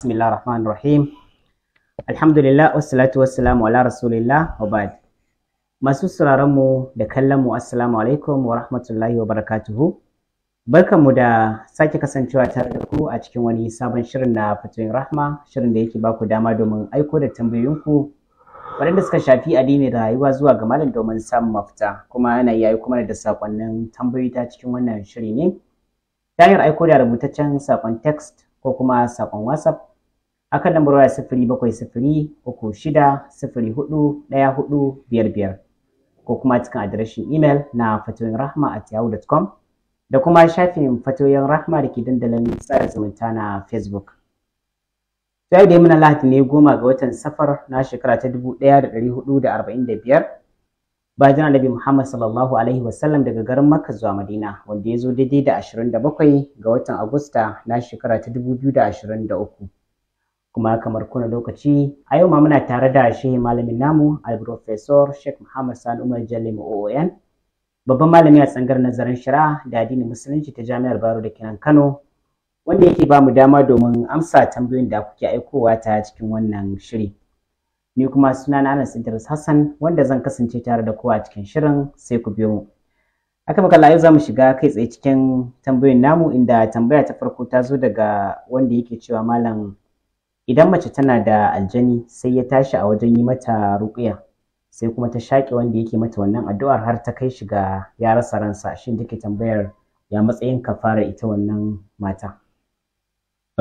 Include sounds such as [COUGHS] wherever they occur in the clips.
Bismillah rahman rahim Alhamdulillah wassalatu wassalamu ala rasulillah wa ba'd Masu sauraron mu da kallon mu assalamu alaikum wa rahmatullahi wa barakatuhu Barkanmu da sake kasancewa tare da ku a cikin wani sabon shirin na fatoyin rahma shirin da yake ba ku dama domin aiko da tambayoyinku waɗanda suka shafi addini da rayuwa zuwa ga malam domin samun mafita kuma ana iya aiko da sakonnin tambayoyi ta cikin wannan shiri ne ta hanyar aiko da rubutaccen sakon text ko kuma sakon whatsapp akan lambar waya sifiri bakwai sifiri uku shida sifiri hudu ɗaya hudu biyar biyar ko kuma cikin adireshin imel na fatoyin rahma at yahoo.com da kuma shafin fatoyin rahma da ke dandalin tsara zumunta na facebook yau da muna lahadi ne goma ga watan safar na shekara ta dubu ɗaya da ɗari hudu da arba'in da biyar bayan annabi muhammad sallallahu alaihi wasallam daga garin makka zuwa madina wanda ya zo daidai da ashirin da bakwai ga watan agusta na shekara ta dubu biyu da ashirin da uku kuma kamar kuna lokaci a yau ma muna tare da shehi malamin namu alprofesor sheikh muhammad San umar jalim oon babban malami a tsangar nazarin shira da addinin musulunci ta jami'ar baro da kinan kano wanda yake ba mu dama domin amsa tambayoyin da kuke aikowa ta cikin wannan shiri ni kuma suna na anas idris hassan wanda zan kasance tare da kowa cikin shirin sai ku biyo mu haka muka layu za mu shiga kai tsaye cikin tambayoyin namu inda tambaya ta farko ta zo daga wanda yake cewa malam idan mace tana da aljani sai ya tashi a wajen yi mata ruƙuya sai kuma ta shaƙe wanda yake mata wannan addu'ar har ta kai shi ga ya rasa ransa shin take tambayar ya matsayin kafara ita wannan mata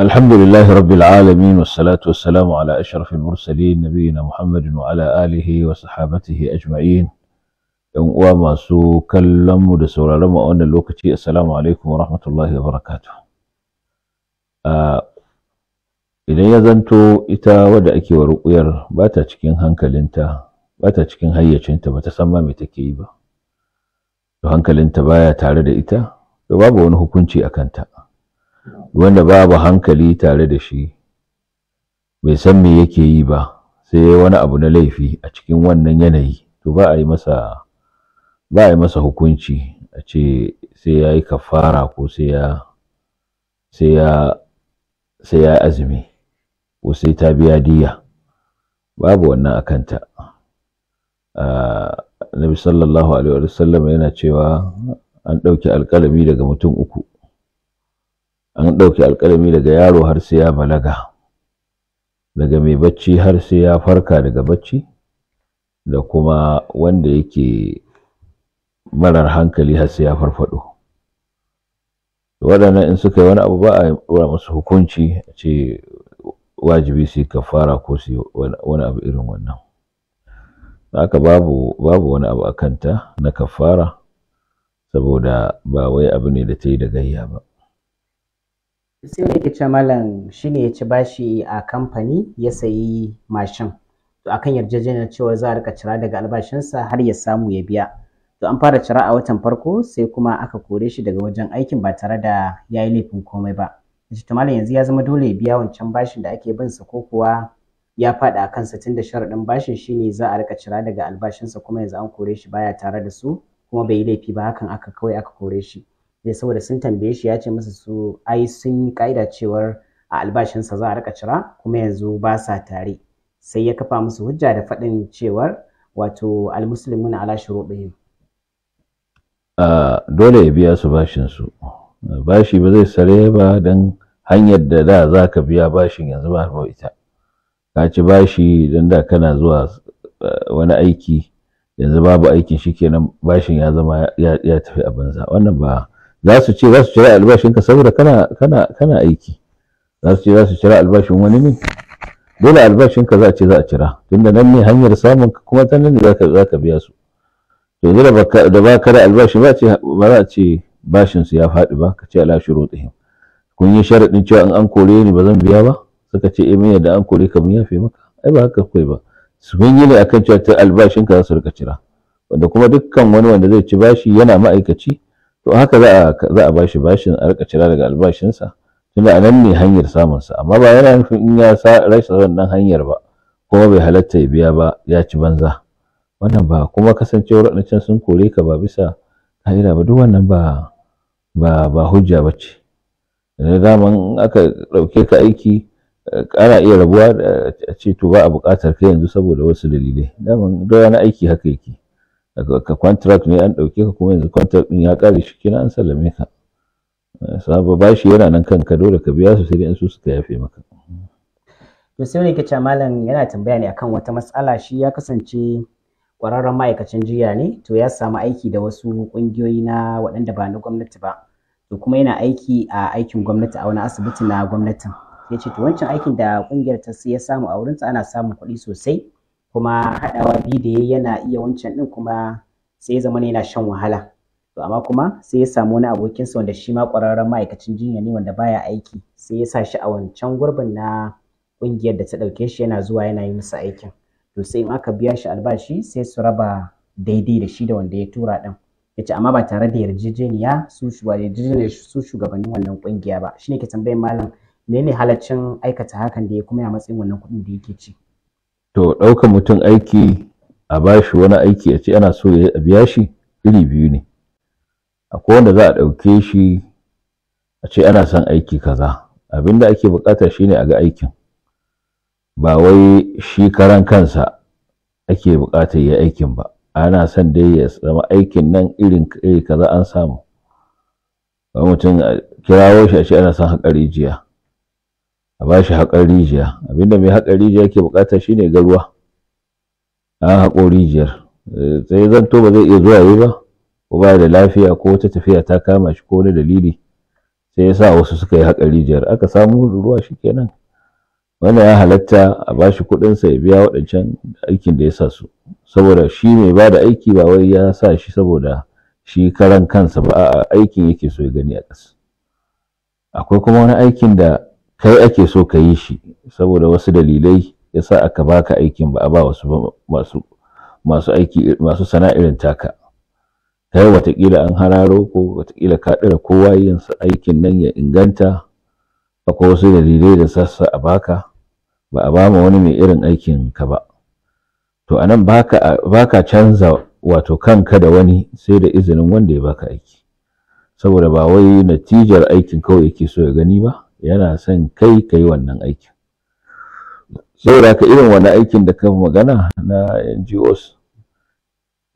alhamdulillahi rabbil alamin wassalatu wassalamu ala ashrafil mursalin nabiyina muhammadin wa ala alihi wa sahabatihi ajma'in yan uwa masu kallon mu da sauraron mu a wannan lokaci assalamu alaikum wa rahmatullahi wa barakatuh ah, idan ya zanto ita wadda ake wa ruƙuyar ba ta cikin hankalinta ba ta cikin hayyacinta ba ta san ma me take yi ba to hankalinta baya tare da ita to babu wani hukunci a kanta wanda babu hankali tare da shi bai san me yake yi ba sai wani abu na laifi a cikin wannan yanayi to ba a yi masa ba a yi masa hukunci a ce sai ya yi kafara ko sai ya sai ya sai ya azumi ko sai ta biya diya babu wannan a kanta nabi sallallahu alaihi sallam yana cewa an ɗauki alƙalami daga mutum uku an ɗauki alƙalami daga yaro har sai ya balaga daga mai bacci har sai ya farka daga bacci da kuma wanda yake marar hankali har sai ya farfado waɗannan in suka yi wani abu ba a yi musu hukunci ce wajibi su yi kafara ko su yi wani abu irin wannan haka babu babu wani abu a kanta na kafara saboda ba wai abu ne da ta yi da gayya ba sai ne ke ce malam shine ya ci bashi a kamfani ya sayi mashin to akan yarjejeniyar cewa za a rika cira daga albashinsa har ya samu ya biya to an fara cira a watan farko sai kuma aka kore shi daga wajen aikin ba tare da ya yi laifin komai ba shi yanzu ya zama dole ya biya wancan bashin da ake bin sa ko kuwa ya faɗa a kansa tun da sharaɗin bashin shine za a rika cira daga albashinsa kuma yanzu an kore shi baya tare da su kuma bai yi laifi ba hakan aka kawai aka kore shi dai saboda sun tambaye shi ya ce musu su ai sun yi ka'ida cewar a albashinsa za a rika cira kuma yanzu ba sa tare sai ya kafa musu hujja da faɗin cewar wato almuslimuna ala shuruɗihim ah, dole ya biya su bashin su bashi ba zai sare ba don hanyar da da za ka biya bashin yanzu ba ba ita ka ci bashi don da kana zuwa eh, wani aiki yanzu babu aikin shi kenan bashin ya zama ya tafi a banza wannan ba za su ce za su albashin albashinka saboda kana kana kana aiki za su ce za su cire albashin wani ne dole albashinka za a ce za a cira tunda nan ne hanyar samun kuma ta nan ne za ka biya su to da ba ka da albashi ba ce ba za a ce bashin su ya faɗi ba ka ce ala shurutihim kun yi sharadin cewa in an kore ni ba zan biya ba suka ce eh mai da an kore ka mun yafe maka ai ba haka kai ba su yi ne akan cewa ta albashin ka su rika cira wanda kuma dukkan wani wanda zai ci bashi yana ma'aikaci to haka za a za a bashi bashin a rika cira daga albashinsa tunda a nan ne hanyar samun sa. amma ba yana nufin in ya sa rashin wannan hanyar ba kuma bai halatta ya biya ba ya ci banza wannan ba kuma kasancewar can sun kore ka ba bisa Hadira ba duk wannan ba ba ba hujja ba ce da daman aka ɗauke ka aiki ana iya rabuwa a ce to ba a buƙatar kai yanzu saboda wasu dalilai daman duk wani aiki haka yake ka contract ne an ɗauke ka kuma yanzu contract ɗin ya ƙare shi kina an sallame ka sabo bashi yana nan kanka dole ka biya su sai in su suka yafe maka to sai ne kace malam yana tambaya ne akan wata matsala shi ya kasance ƙwararren ma'aikacin jiya ne to ya samu aiki da wasu ƙungiyoyi na waɗanda ba na gwamnati ba to kuma yana aiki a aikin gwamnati a wani asibiti na gwamnatin ya ce to wancan aikin da ƙungiyar ta ya samu a wurinsa ana samun kuɗi sosai kuma haɗawa biyu da ya yana iya wancan ɗin kuma sai ya zama yana shan wahala to amma kuma sai ya samu wani abokinsa wanda shi ma ƙwararren ma'aikacin jinya ne wanda baya aiki sai ya sa shi a wancan gurbin na ƙungiyar da ta ɗauke shi yana zuwa yana yi musu aikin to sai in aka biya shi albashi sai su raba daidai da shi da wanda ya tura din yace amma ba tare da yarjejeniya su su shugabannin wannan kungiya ba shine ke tambayin Mallam menene halaccin aikata hakan da ya kuma ya matsayin wannan kuɗin da yake ci to ɗaukar mutum aiki a bashi wani aiki a ce ana so ya biya shi iri biyu ne akwai wanda za a ɗauke shi a ce ana son aiki kaza abinda ake bukata shine a ga aikin ba wai shi karan kansa ake buƙatar ya aikin ba ana son dai ya zama aikin nan irin kai kaza an samu ba mutum kirawo shi a ce ana son haƙar rijiya a ba shi haƙar rijiya abinda mai haƙar rijiya ke buƙata shine garuwa an haƙo rijiyar eh, sai zanto ba zai iya zuwa yi ba ko ba da lafiya ko wata tafiya ta kama shi ko wani dalili sai ya sa wasu suka yi haƙar rijiyar aka samu ruwa shi kenan. wannan ya halatta a bashi shi sa ya biya waɗancan aikin da ya sa su saboda shi mai ba da aiki ba wai ya sa shi saboda shi karan kansa ba a aikin yake so ya gani a ƙasa akwai kuma wani aikin da kai ake so ka yi shi saboda wasu dalilai ya sa aka baka aikin ba a ba wasu masu masu aiki masu sana'irin taka kai watakila an hararo ko watakila ka ɗira kowa yin aikin nan ya inganta akwai wasu dalilai da sassa a baka ba a bamu wani mai irin aikin ka ba to anan baka baka canza wato kanka da wani sai da izinin wanda ya baka aiki saboda ba wai natijar aikin kawai yake so ya gani ba yana son kai kai wannan aikin saboda ka irin wani aikin da ka magana na NGOs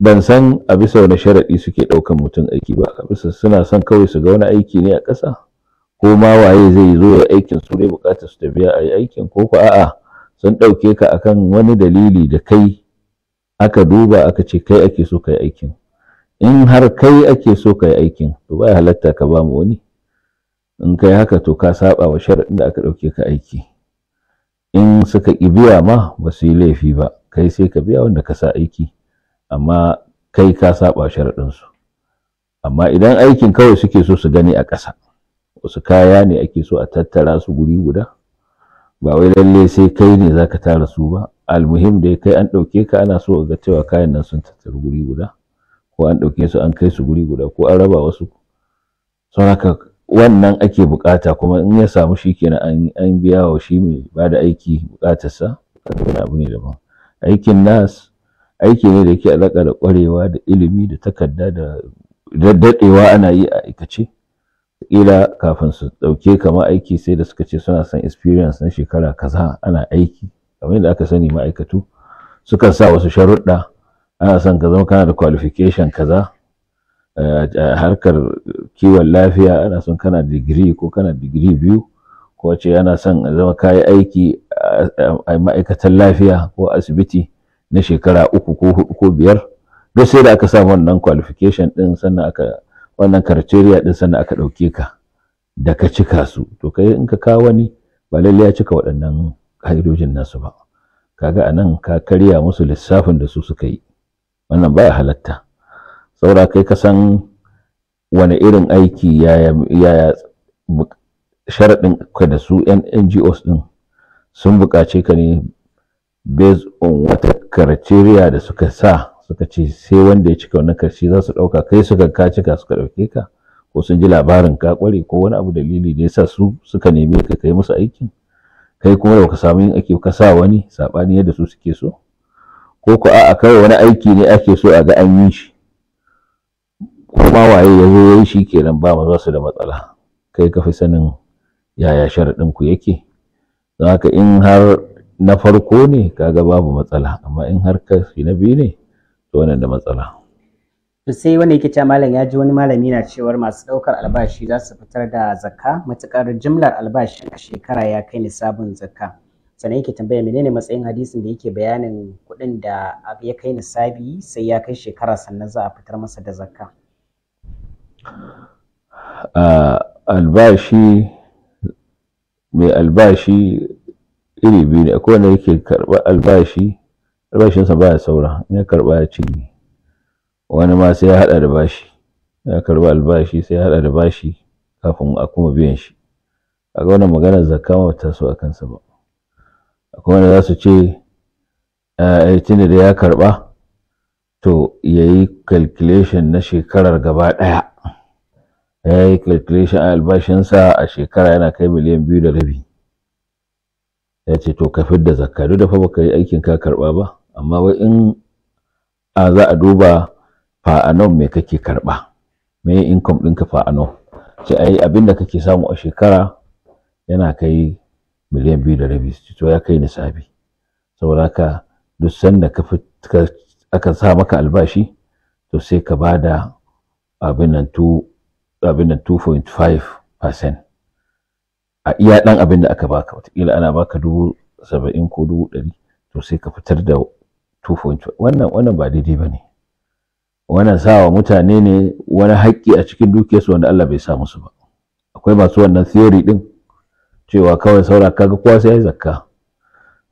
ban san a bisa wani sharaɗi suke ɗaukan mutum aiki ba a bisa suna son kawai su ga wani aiki ne a ƙasa ko ma waye zai zo ya aikin su dai bukatar su tafiya a aikin ko ku a'a sun ɗauke ka akan wani dalili da kai aka duba aka ce kai ake so kai aikin in har kai ake so ka aikin to ba halatta ka ba mu wani in kai haka to ka saba wa sharaɗin da aka ɗauke ka aiki in suka ƙi biya ma ba su yi laifi ba kai sai ka biya wanda ka sa aiki amma kai ka saba sharaɗinsu amma idan aikin kawai suke so su gani a ƙasa wasu kaya ne ake so a tattara su guri guda ba wai lalle sai kai ne zaka tara su ba almuhim da kai an ɗauke ka ana so ga cewa kayan nan sun tattara guri guda ko an ɗauke su an kai su guri guda ko an raba wasu sau haka wannan ake bukata kuma in ya samu shi kenan an biya wa shi mai ba da aiki bukatarsa wani abu ne daban aikin nas aiki ne da yake alaka da kwarewa da ilimi da takarda da daddadewa ana yi a aikace ila kafin su ɗauke kama aiki sai da suka ce suna son experience na shekara kaza ana aiki kamar yadda aka sani ma'aikatu sukan sa wasu sharuɗa ana son ka zama kana da qualification kaza eh, a harkar kiwon lafiya ana son kana digiri ko kana digiri biyu ko ce ana son zama yi aiki a ma'aikatan lafiya ko asibiti na shekara uku ko hudu ko biyar duk sai da aka sa wannan qualification ɗin sannan aka wannan karceriya din sannan aka ɗauke ka da ka cika su to kai in ka kawo wani ba lalle ya cika waɗannan ƙa'idojin nasu ba kaga anan ka karya musu lissafin da su suka yi wannan ba halatta saura kai ka san wani irin aiki yaya ya, sharaɗin ka da su yan NGOs din sun buƙace ka ne based on wata karceriya da suka sa suka ce sai wanda ya cika wannan karshe za su ɗauka kai suka ka cika suka ɗauke ka ko sun ji labarin ka kware ko wani abu dalili da yasa su suka neme ka kai musu aikin kai kuma da ka samu yin ake ka sa wani saɓani yadda su suke so ko ko a kawai wani aiki ne ake so a ga an yi shi kuma waye ya zo yayi shi kenan ba mu su da matsala kai ka fi sanin yaya sharaɗin ku yake don haka in har na farko ne kaga babu matsala amma in har ka fi na biyu ne to wannan da matsala to sai wanda yake cewa malam ya ji wani malami na cewar masu ɗaukar albashi za su fitar da zakka matuƙar jimlar albashin a shekara ya kai sabon zakka sannan yake tambaya menene matsayin hadisin da yake bayanin kuɗin da ya kai nisabi sai ya kai shekara sannan za a fitar masa da zakka albashi mai albashi iri biyu ne akwai wanda yake karɓar albashi albashinsa baya saura ya karba ya cinye wani ma sai ya hada da bashi ya karba albashi sai ya hada da bashi kafin a kuma biyan shi a ga wannan maganar zakka ma ta so a kansa ba akwai wanda za su ce a tunda da ya karba to ya yi calculation na shekarar gaba daya ya yi calculation a albashinsa a shekara yana kai miliyan biyu da rabi ya ce to ka fidda zakka duk da fa baka yi aikin ka karba ba amma wai in a za a duba fa nan me kake karba me income ɗinka fa nan? Sai ai abin da kake samu a shekara yana kai miliyan biyu da rabi to ya kai nisabi saboda haka duk sanda ka aka sa maka albashi to sai ka ba da abin nan 2.5% percent. a iya dan abin da aka baka watakila ana baka dubu saba'in ko dubu ɗari to sai ka fitar da 2.1 wannan wannan ba daidai ba ne. wannan sawa mutane ne wani haƙƙi a cikin dukiyarsu wanda Allah bai sa musu ba akwai masu wannan theory din cewa kawai saura kaga kowa sai ya zakka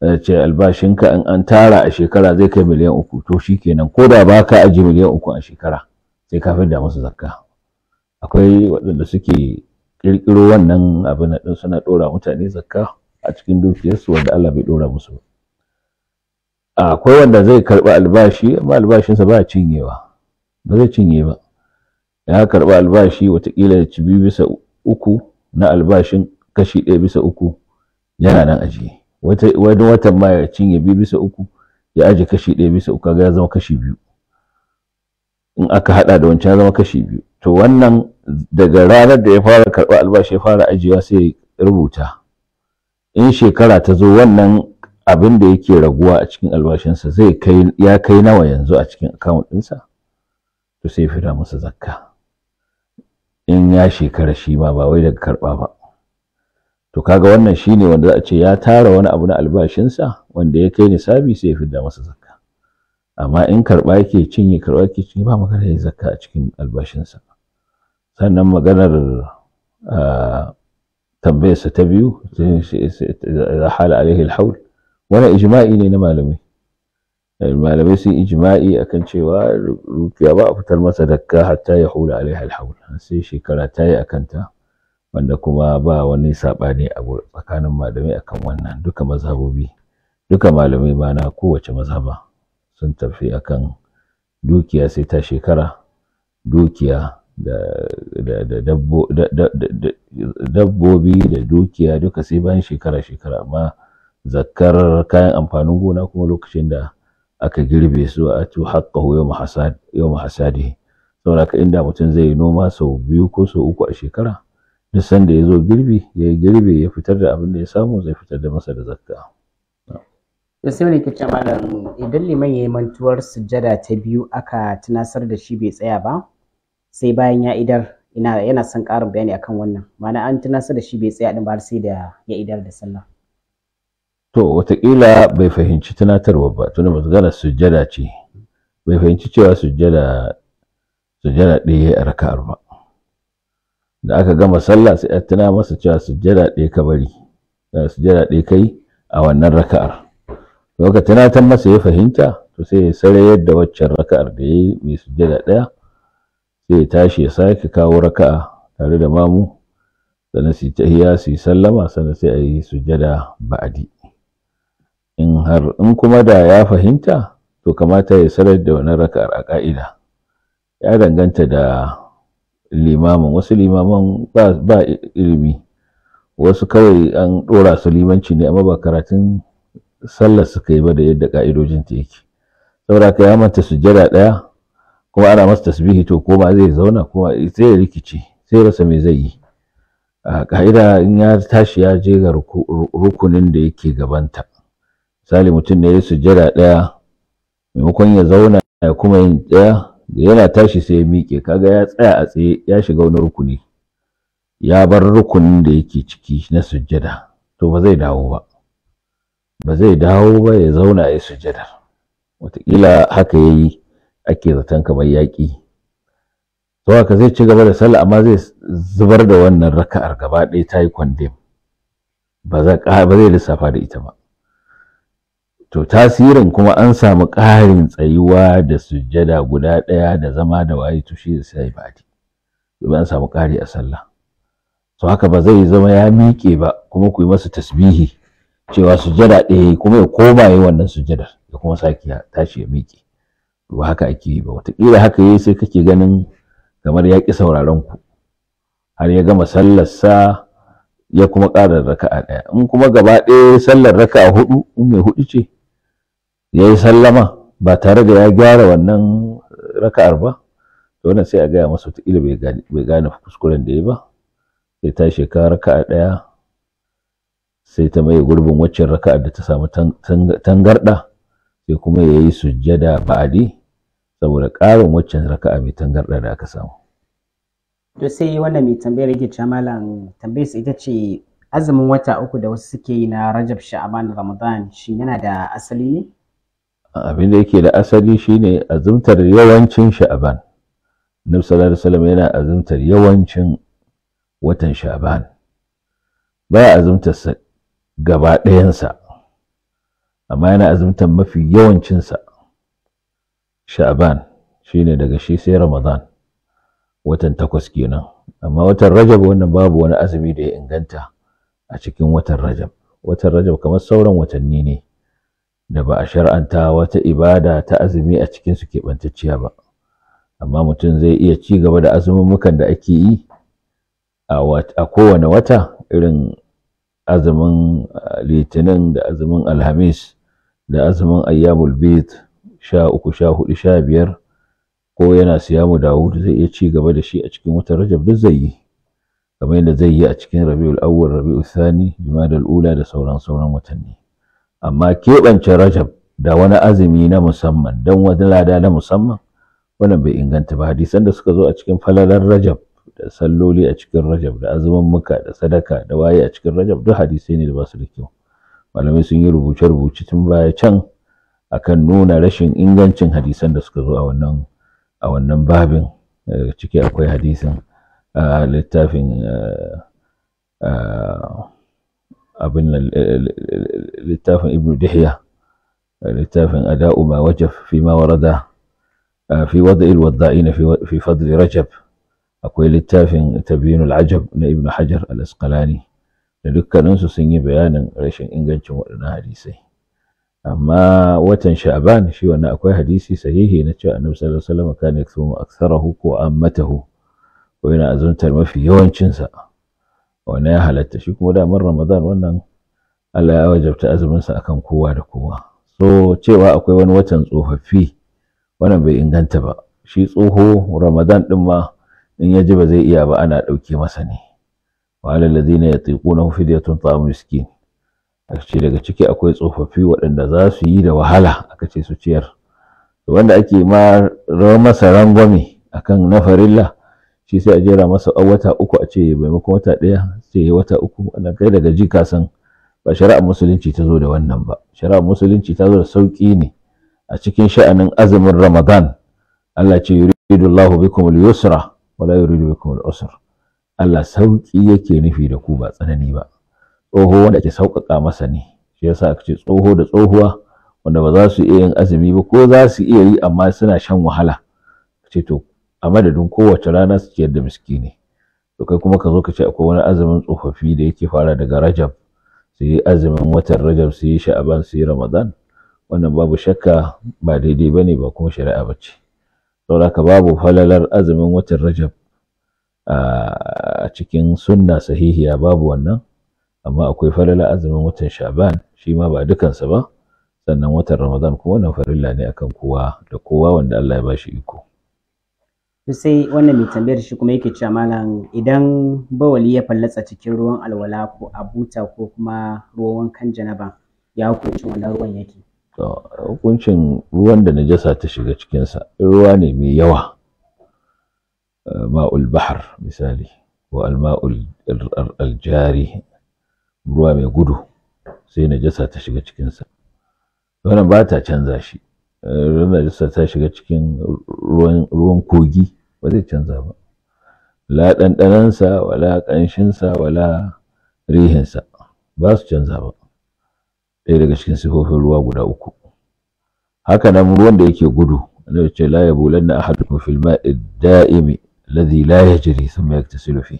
eh, ce albashinka in an tara a shekara zai kai miliyan uku to shikenan ko da ba ka aji miliyan uku a shekara sai ka fi da musu zakka akwai waɗanda suke ƙirƙiro wannan abin nan suna ɗora mutane zakka a cikin dukiyarsu wanda Allah bai ɗora musu ba akwai wanda zai karɓi albashi amma albashinsa ba cinyewa ba zai cinye ba ya karɓi albashi watakila ya ci biyu bisa uku na albashin kashi ɗaya bisa uku yana nan aji. wani watan ma ya cinye biyu bisa uku ya aji kashi ɗaya bisa uku ga ya zama kashi biyu in aka hada da wancan ya zama kashi biyu to wannan daga ranar da ya fara karɓar albashi ya fara ajiyewa sai ya rubuta in shekara ta zo wannan abin da yake raguwa a cikin albashinsa zai kai ya kai nawa yanzu a cikin account ɗinsa to sai fita masa zakka in ya shekara shi ma ba wai daga karba ba to kaga wannan shine wanda za a ce ya tara wani abu na albashinsa wanda ya kai nisabi sai ya fidda masa zakka amma in karba yake cinye karɓa yake cinye ba magana ya zakka a cikin albashinsa sannan maganar tambayarsa ta biyu za hala alaihi alhaul wannan ijma'i ne na malamai eh, malamai sun ijma'i akan cewa rukiya ba a fitar masa dakka hatta ya hula alaiha alhaul sai shekara ta yi a kanta, wanda kuma ba wani saɓani a tsakanin malamai akan wannan duka mazhabobi duka malamai ma na kowace mazhaba sun tafi akan dukiya sai ta shekara dukiya da dabbobi da dukiya duka sai bayan shekara shekara amma zakkar kayan amfanin gona kuma lokacin da aka girbe su a tu haqqahu yau hasad saboda ka inda mutum zai yi noma sau biyu ko sau uku a shekara duk sanda ya zo girbi ya yi girbe ya fitar da abin da ya samu zai fitar da masa da zakka to ne wani malam idan liman ya yi mantuwar sujjada ta biyu aka tunasar da shi bai tsaya ba sai bayan ya idar yana son ƙarin bayani akan wannan ma'ana an tunasar da shi bai tsaya din ba sai da ya idar da sallah to watakila bai fahimci tunatarwa ba tunda maganar sujjada ce bai fahimci cewa sujjada sujjada ɗaya a raka'ar ba da aka gama sallah sai a tuna masa cewa sujjada ɗaya ka bari sujjada ɗaya kai a wannan raka'ar to ka tunatar masa ya fahimta to sai ya sare yadda waccan raka'ar da ya mai sujjada ɗaya sai ya tashi ya sake kawo raka'a tare da mamu sannan su yi tahiya su yi sallama sannan sai ayi yi sujjada ba'adi in har in kuma da ya fahimta to kamata ya sanar da wani raka'ar a ka'ida ya danganta da limamin wasu limaman ba ilimi wasu kawai an ɗora su limanci ne amma ba karatun sallar suka yi ba da yadda ka'idojin ta yake saboda ka ya manta sujjada ɗaya kuma ana masa tasbihi to ko zai zauna kuma sai ya rikice sai rasa me zai yi a ka'ida in ya tashi ya je ga rukunin da yake gabanta misali mutum ne ya yi sujjada ɗaya maimakon ya zauna ya kuma yin ɗaya da yana tashi sai ya miƙe kaga ya tsaya a tsaye ya shiga wani rukuni ya bar rukunin da yake ciki na sujjada to ba zai dawo ba ba zai dawo ba ya zauna ya sujjada wataƙila haka ya yi ake zaton kamar yaƙi to haka zai ci gaba da sallah amma zai zubar da wannan raka'ar gaba ɗaya ta yi kwandem ba zai lissafa da ita ba to tasirin kuma an samu ƙarin tsayuwa da sujjada guda ɗaya da zama da waye to shi da sai ba'adi domin an samu ƙari a sallah to haka ba zai zama ya miƙe ba kuma ku yi masa tasbihi cewa sujjada ɗaya kuma ya koma yi wannan sujjada ya kuma sake tashi ya miƙe To haka ake yi ba wataƙila haka yi sai kake ganin kamar ya ƙi sauraron ku har ya gama sallarsa ya kuma ƙara raka'a ɗaya in kuma gaba ɗaya sallar raka'a hudu in mai hudu ce ya yi sallama ba tare da ya gyara wannan raka'ar ba to wannan sai a gaya masa wataƙila bai gane kuskuren da ya yi ba sai ta shekara raka'a ɗaya sai ta mai gurbin waccan raka'a da ta samu tangarɗa sai kuma ya yi sujjada ba'adi saboda ƙarin waccan raka'a mai tangarɗa da aka samu to sai wannan mai tambayar yake cewa malam tambayar sai ita ce azumin wata uku da wasu suke yi na Rajab Sha'aban Ramadan shin yana da asali ne abin da yake da asali shine azumtar yawancin sha'aban nabi sallallahu alaihi wasallam yana azumtar yawancin watan sha'aban baya azumtar sa gaba ɗayansa amma yana azumtar mafi yawancinsa sha'aban shine daga shi sai ramadan watan takwas kenan amma watan rajab wannan babu wani azumi da ya inganta a cikin watan rajab watan rajab kamar sauran watanni ne da ba a shar'anta wata ibada ta azumi a cikin suke keɓantacciya ba amma mutum zai iya ci gaba da azumumukan da ake yi a kowane wata irin azumin ah, litinin da azumin alhamis da azumin ayyamul bid sha uku sha hudu sha biyar ko yana siyamu dawud zai iya ci gaba da shi a cikin watan rajab duk zai yi kamar yadda zai yi a cikin rabiul awwal rabiul thani jumadal ula da sauran sauran watanni amma keɓance rajab da wani azumi na musamman don wani lada na musamman wannan bai inganta ba hadisan da suka zo a cikin falalar rajab da salloli a cikin rajab da azumin muka da sadaka da waye a cikin rajab duk hadisai ne da ba su da kyau malamai sun yi rubuce-rubuce tun baya can akan nuna rashin ingancin hadisan da suka zo a wannan a wannan babin ciki akwai hadisin ah, littafin ah, ah, أبن لتافن ابن دحية لتافن أداء ما وجف فيما ورد آه، في وضع الوضعين في فضل رجب أقول لتافن تبين العجب ابن حجر الأسقلاني لذلك ننسو سنجي بيانا ريشن إنجنش وقلنا حديثي أما وتن شعبان شو أن أقول حديثي سهيه نتشاء النبي صلى الله عليه وسلم كان يكثر أكثره وأمته وإن أظن ترمى في يوانشنسا wannan ya halatta shi kuma damar ramadan wannan Allah ya wajabta azuminsa akan kowa da kowa so cewa akwai wani watan tsofaffi wannan bai inganta ba shi tsoho ramadan din ma in ya ji ba zai iya ba ana ɗauke masa ne wa na ladina yatiquna tun ta'am miskin aka ce daga ciki akwai tsofaffi waɗanda za su yi da wahala aka ce su ciyar wanda ake ma masa rangwame akan na farilla shi sai a jera masa a wata uku a ce maimakon wata ɗaya sai ya wata uku a kai daga ji ka san ba shari'ar musulunci ta zo da wannan ba shari'ar musulunci ta zo da sauƙi ne a cikin sha'anin azumin ramadan Allah ce yuridu Allahu bikum al-yusra wa la yuridu bikum al-usra Allah sauƙi yake nufi da ku ba tsanani ba tsoho wanda ake sauƙaƙa masa ne shi yasa aka ce tsoho da tsohuwa wanda ba za su iya yin azumi ba ko za su iya yi amma suna shan wahala ce to a madadin kowace rana su ciyar da miskini to kai kuma ka zo ka ce akwai wani azumin tsofaffi da yake fara daga rajab su yi azumin watan rajab su yi sha'aban su yi ramadan wannan babu shakka ba daidai ba ne ba kuma shari'a ba ce saboda babu falalar azumin watan rajab a cikin sunna sahihiya babu wannan amma akwai falalar azumin watan sha'ban shi ma ba dukansa ba sannan watan ramadan kuma wannan farilla ne akan kowa da kowa wanda Allah ya bashi iko to sai wannan mai tambayar shi kuma yake cewa malam idan bawali ya fallatsa cikin ruwan alwala ko a buta ko kuma ruwan wankan janaba ya hukuncin wannan ruwan yake to hukuncin ruwan da najasa ta shiga cikinsa ruwa ne mai yawa eh, ma'ul bahar misali ko alma'ul aljari ruwa mai gudu sai najasa ta shiga cikinsa wannan ba ta canza shi majalisa ta shiga cikin ruwan kogi ba zai canza ba la ɗanɗanansa wala ƙanshinsa wala rihinsa ba su canza ba ɗaya daga cikin sifofin ruwa guda uku haka nan ruwan da yake gudu na ce la ya na ahadu fil filma da'imi Ladi la ya jiri yajri thumma yaktasilu ka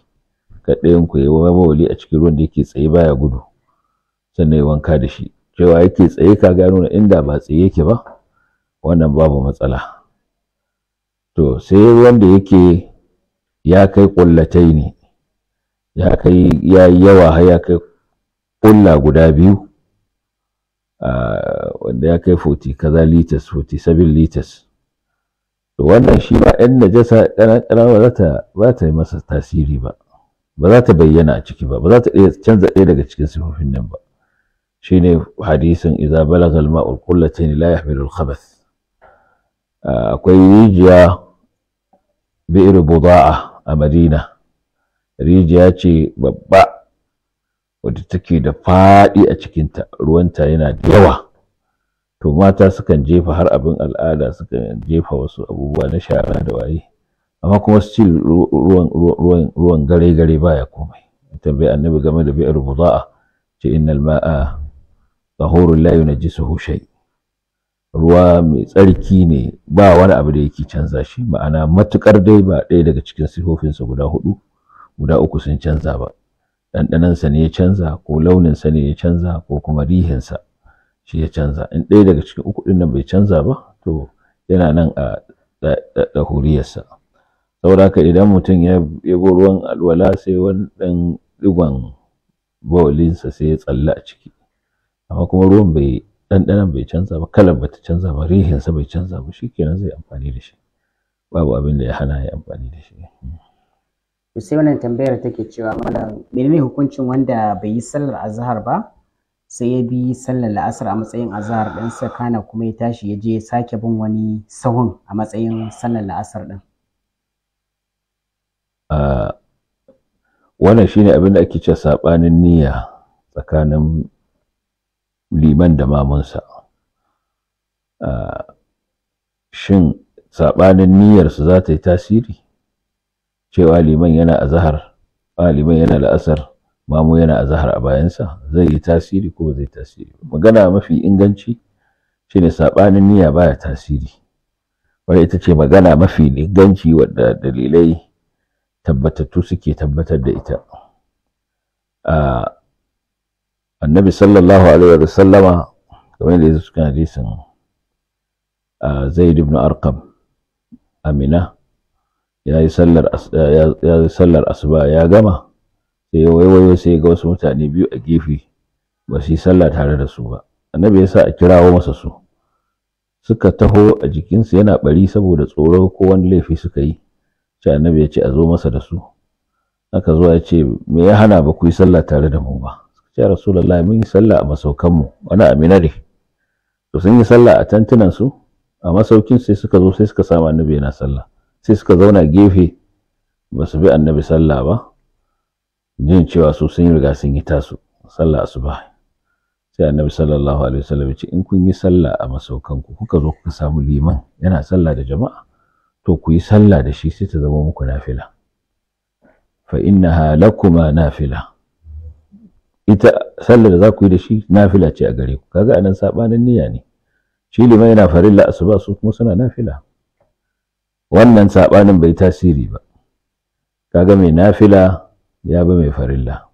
kaɗayan ku yi mawali a cikin ruwan da yake tsaye baya gudu sannan ya wanka da shi cewa yake tsaye ka gano na inda ba tsaye yake ba wannan babu matsala to sai wanda yake ya kai ƙullatai ne ya kai ya yawa ya kai ƙulla guda biyu wanda ya kai 40 kaza liters 47 liters to wannan shi ba ɗan najasa ƙanƙana ba za ta ba ta yi masa tasiri ba ba za ta bayyana a ciki ba ba za ta iya canza ɗaya daga cikin sifofin nan ba shine hadisin idza balagha al-ma'u qullatayn la yahmilu al-khabath akwai rijiya bi'ir buda'a a madina rijiya ce babba wadda take da faɗi a cikinta ruwanta yana da yawa to mata sukan jefa har abin al'ada sukan jefa wasu abubuwa na shara da waye amma kuma su ci ruwan gare-gare baya komai tambayi annabi game da bi'ar buda'a ce innal ma'a na la yunajjisuhu shay ruwa mai tsarki ne ba wani abu da yake canza shi ma'ana matukar dai ba ɗaya daga cikin sifofinsa guda hudu guda uku sun canza ba ɗanɗanansa ne ya canza ko launinsa ne ya canza ko kuma rihinsa shi ya canza in ɗaya daga cikin uku ɗin nan bai canza ba to yana nan a ɗahuriyarsa saboda haka idan mutum ya go ruwan alwala sai wani ɗan ɗigon bawalinsa sai ya tsalla a ciki amma kuma ruwan bai ɗanɗanon bai canza ba kalar bata canza ba rihinsa bai canza ba shikenan zai amfani da shi babu abin da ya hana ya amfani da shi to sai wannan tambayar take cewa malam menene hukuncin wanda bai yi sallar azhar ba sai ya bi sallar la'asar a matsayin azhar din sa kuma ya tashi ya je sake bin wani sahun a matsayin sallar la'asar din wannan shine abin da ake cewa sabanin niyya tsakanin liman da mamunsa shin saɓanin niyyarsu za ta yi tasiri cewa liman yana a zahar a liman yana la'asar mamu yana a zahar a bayansa zai yi tasiri ko zai tasiri magana mafi inganci shine saɓanin niyya baya tasiri wadda ita ce magana mafi inganci wadda dalilai tabbatattu suke tabbatar da ita annabi sallallahu alaihi wa sallama kamar da ya kan hadisin zaid ibn arqam amina ya yi sallar asuba ya gama sai waiwayo sai ga wasu mutane biyu a gefe ba su yi sallah tare da su ba annabi ya sa a kirawo masa su suka taho a jikinsu yana bari saboda tsoro ko wani laifi suka yi sai annabi ya ce a zo masa da su aka zo ya ce me ya hana ba ku yi sallah tare da mu ba ya rasulullah mun yi sallah a masaukanmu wani amina ne to sun yi sallah a tantunan su a masaukin sai suka zo sai suka samu annabi yana sallah sai suka zauna gefe ba su bi annabi sallah ba jin cewa su sun yi riga sun yi tasu sallah asuba sai annabi sallallahu alaihi wasallam ya ce in kun yi sallah a ku, kuka zo kuka samu liman yana sallah da jama'a to ku yi sallah da shi sai ta zama muku nafila fa innaha lakuma nafila ita sallar da za ku yi da shi nafila ce a gare ku kaga anan sabanin niyya ne shi liman yana farilla asuba su kuma suna nafila wannan sabanin bai tasiri ba kaga mai nafila ya ba mai farilla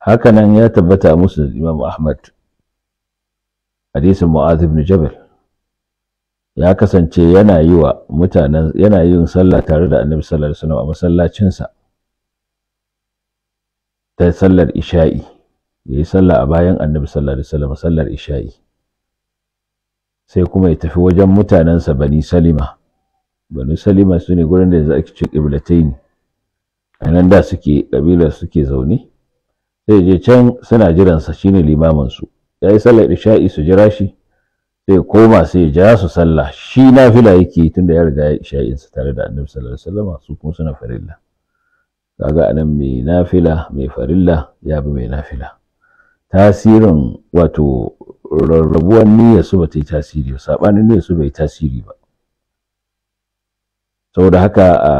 hakanan ya tabbata musu imam ahmad hadisin mu'adh ibn jabal ya kasance yana yi wa mutanen yana yin sallah tare da annabi sallallahu alaihi wasallam a masallacinsa ta sallar isha'i ya yi sallah a bayan annabi sallallahu alaihi wasallam sallar isha'i sai kuma ya tafi wajen mutanensa bani salima bani salima su ne gurin da za ake ce ƙiblatain a nan da suke ƙabilar suke zaune sai je can suna jiransa shi ne limamansu ya yi sallar isha'i su jira shi sai koma sai ya ja su sallah shi nafila yake tunda ya riga ya isha'insa tare da annabi sallallahu alaihi wasallam su kuma suna farilla kaga anan mai nafila mai farilla ya bi mai nafila tasirin wato rarrabuwar niyyar su ba ta yi tasiri ba saɓanin niyya su bai tasiri ba saboda haka a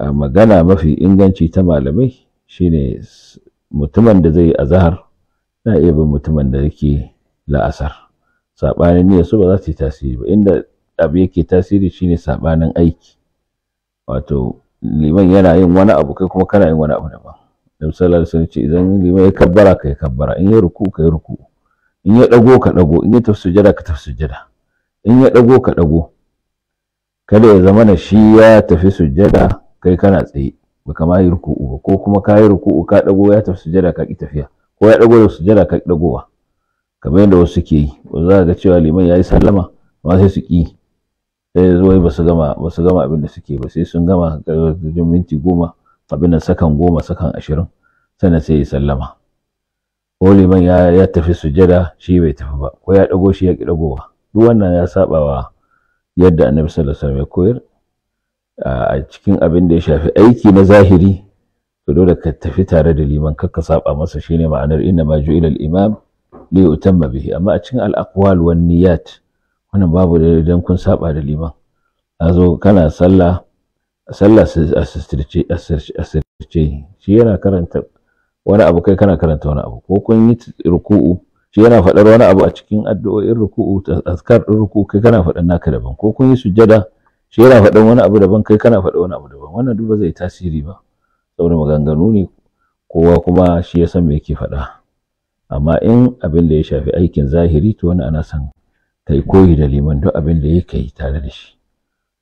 a magana mafi inganci ta malamai shine mutumin da zai azahar na iya bin mutumin da yake la'asar saɓanin niyya su ba za ta yi tasiri ba inda abu yake tasiri shine saɓanin aiki wato liman yana yin wani abu kai kuma kana yin wani abu daban da sun ce idan liman ya kabbara ka yi kabbara in ya ruku ka yi ruku in ya dago ka dago in ya tafsujada ka tafsujada in ya dago ka dago kada ya zama na shi ya tafi sujjada kai kana tsaye ka ma yi ruku ba ko kuma ka yi ruku ka dago ya tafi sujada ka ki tafiya ko ya dago da sujjada ka ki ɗagowa kamar yadda wasu ke yi ba za ga cewa liman ya yi sallama amma sai su ki sai zuwa ba su gama ba su gama abin da suke ba sai sun gama minti goma abin sakan goma sakan ashirin sannan sai ya sallama ko liman ya tafi sujada shi bai tafi ba ko ya ɗago shi ya ƙi ɗagowa duk wannan ya saba wa yadda annabi sallallahu alaihi wasallam ya koyar a cikin abin da ya shafi aiki na zahiri to dole ka tafi tare da liman kakka saba masa shine ma'anar inna ma ju'ila al-imam li yutamma bihi amma a cikin al-aqwal wan niyat wannan babu da dan kun saba da liman azo kana sallah sallah a sirce shi yana karanta wani abu kai kana karanta wani abu ko kun yi ruku'u shi yana faɗar wani abu a cikin addu'o'in ruku'u azkar din ruku'u kai kana faɗar naka daban ko kun yi sujjada shi yana faɗar wani abu daban kai kana faɗar wani abu daban wannan duk ba zai tasiri ba saboda maganganu ne kowa kuma shi ya san me yake faɗa amma in abin da ya shafi aikin zahiri to wani ana son kai koyi da liman duk abin da yake yi tare da shi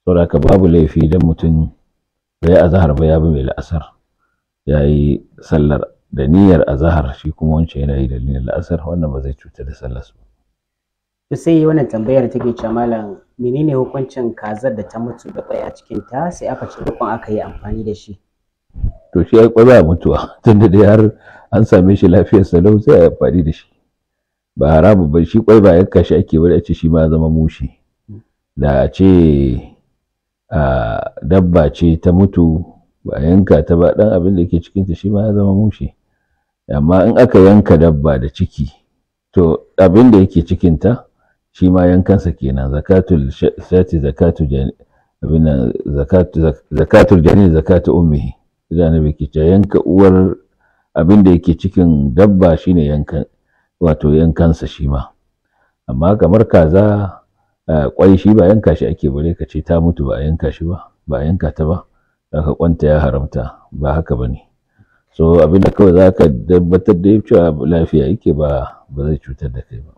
saboda babu laifi idan mutum bai azahar ba ya bi mai la'asar ya yi sallar da niyyar azahar shi kuma wancan yana yi da niyyar la'asar wannan ba zai cuta da sallar su to sai wannan tambayar take cewa malam menene hukuncin kazar da ta mutu da kwai a cikin ta sai aka ce dukkan aka yi amfani da shi to shi ya kwai ba mutuwa tunda dai har an same shi lafiyar salau sai a amfani da shi ba haramu ba shi kwai ba yanka shi ake bari a ce shi ma zama mushi da a ce dabba ce ta mutu ba yanka ta ba ɗan abin da ke cikinta shi ma ya zama mushe amma in aka yanka dabba da ciki to abin da yake cikinta shi ma yankansa kenan zakatul sati zakatu abin zakatul jani zakatu ummi idan nabi ke ta yanka uwar abin da yake cikin dabba shine yankan wato yankansa shi ma amma kamar kaza kwai shi ba yanka shi ake bare ka ce ta mutu ba a yanka shi ba ba a yanka ta ba zaka kwanta ya haramta ba haka bane so abinda kawai zaka tabbatar da cewa lafiya yake ba ba zai cutar da kai ba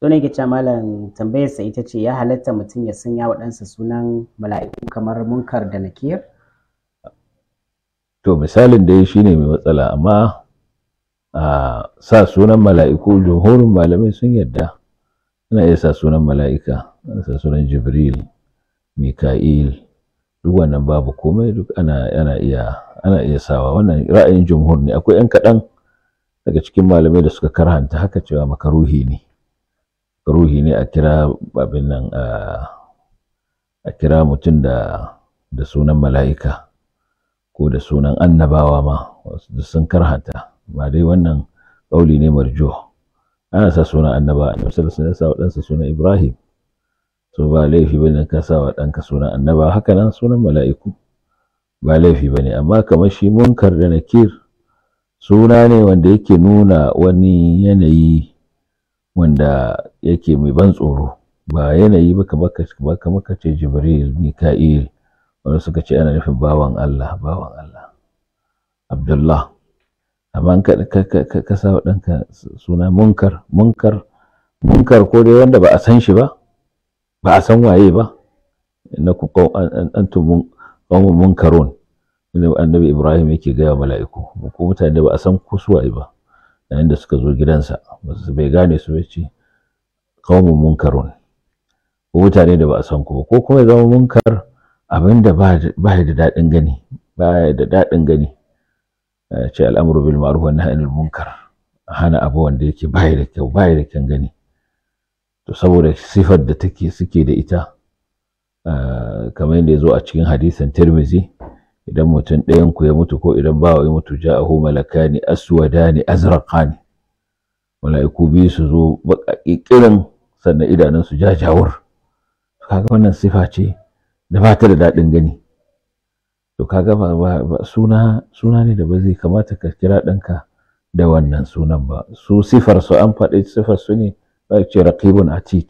to ne kice malam tambayar sa ita ce ya halatta mutum ya sanya wa ɗansa sunan mala'iku kamar munkar da nakir to misalin da shi ne mai matsala amma a sa sunan mala'iku jumhurin malamai sun yarda. ana iya sa sunan mala'ika ana sa sunan jibril mika'il duk wannan babu komai duk ana iya sawa wannan ra'ayin jumhur ne akwai yan kaɗan daga cikin malamai da suka karhanta haka cewa makaruhi ne makaruhi ne a kira babin nan a kira mutum da da sunan mala'ika ko da sunan annabawa ma sun karhanta ba dai wannan ƙauli ne marjo ana sa sunan annaba annabi sallallahu alaihi wasallam ya ɗansa sunan Ibrahim so ba laifi bane ka sa wa ɗanka sunan annaba haka nan sunan mala'iku ba laifi bane amma kamar shi munkar da nakir suna ne wanda yake nuna wani yanayi wanda yake mai ban tsoro ba yanayi ba kamar ka ce jibril mika'il Wani suka ce ana nufin bawan allah bawan allah abdullah amma ka sa wa ɗanka suna munkar munkar munkar ko dai wanda ba a san shi ba ba a san waye ba na ku antum qaumun munkarun annabi ibrahim yake gaya mala'iku ko mutane ba a san ku su waye ba yayin da suka zo gidansa bai gane su ce qaumun munkarun ko mutane da ba a san ku ba ko kuma ya zama munkar abinda ba ba da dadin gani ba da daɗin gani Eh, ce al'amuru bil ma'ruf wa nahyi anil munkar hana abu wanda yake bai da kyau bai da kyan gani to saboda sifar da take suke da ita eh, kamar yadda ya zo a cikin hadisin Tirmidhi idan mutum ɗayan ku ya mutu ko idan bawa ya mutu ja ahu malakani aswadani azraqani mala'iku biyu su zo baƙaƙirin sannan idanunsu jajawar kaga wannan sifa ce da ba ta da daɗin gani to kaga ba suna suna ne da ba zai kamata ka kira ɗanka da wannan sunan ba su sifar su an faɗi sifar su ne ba ce raqibun atid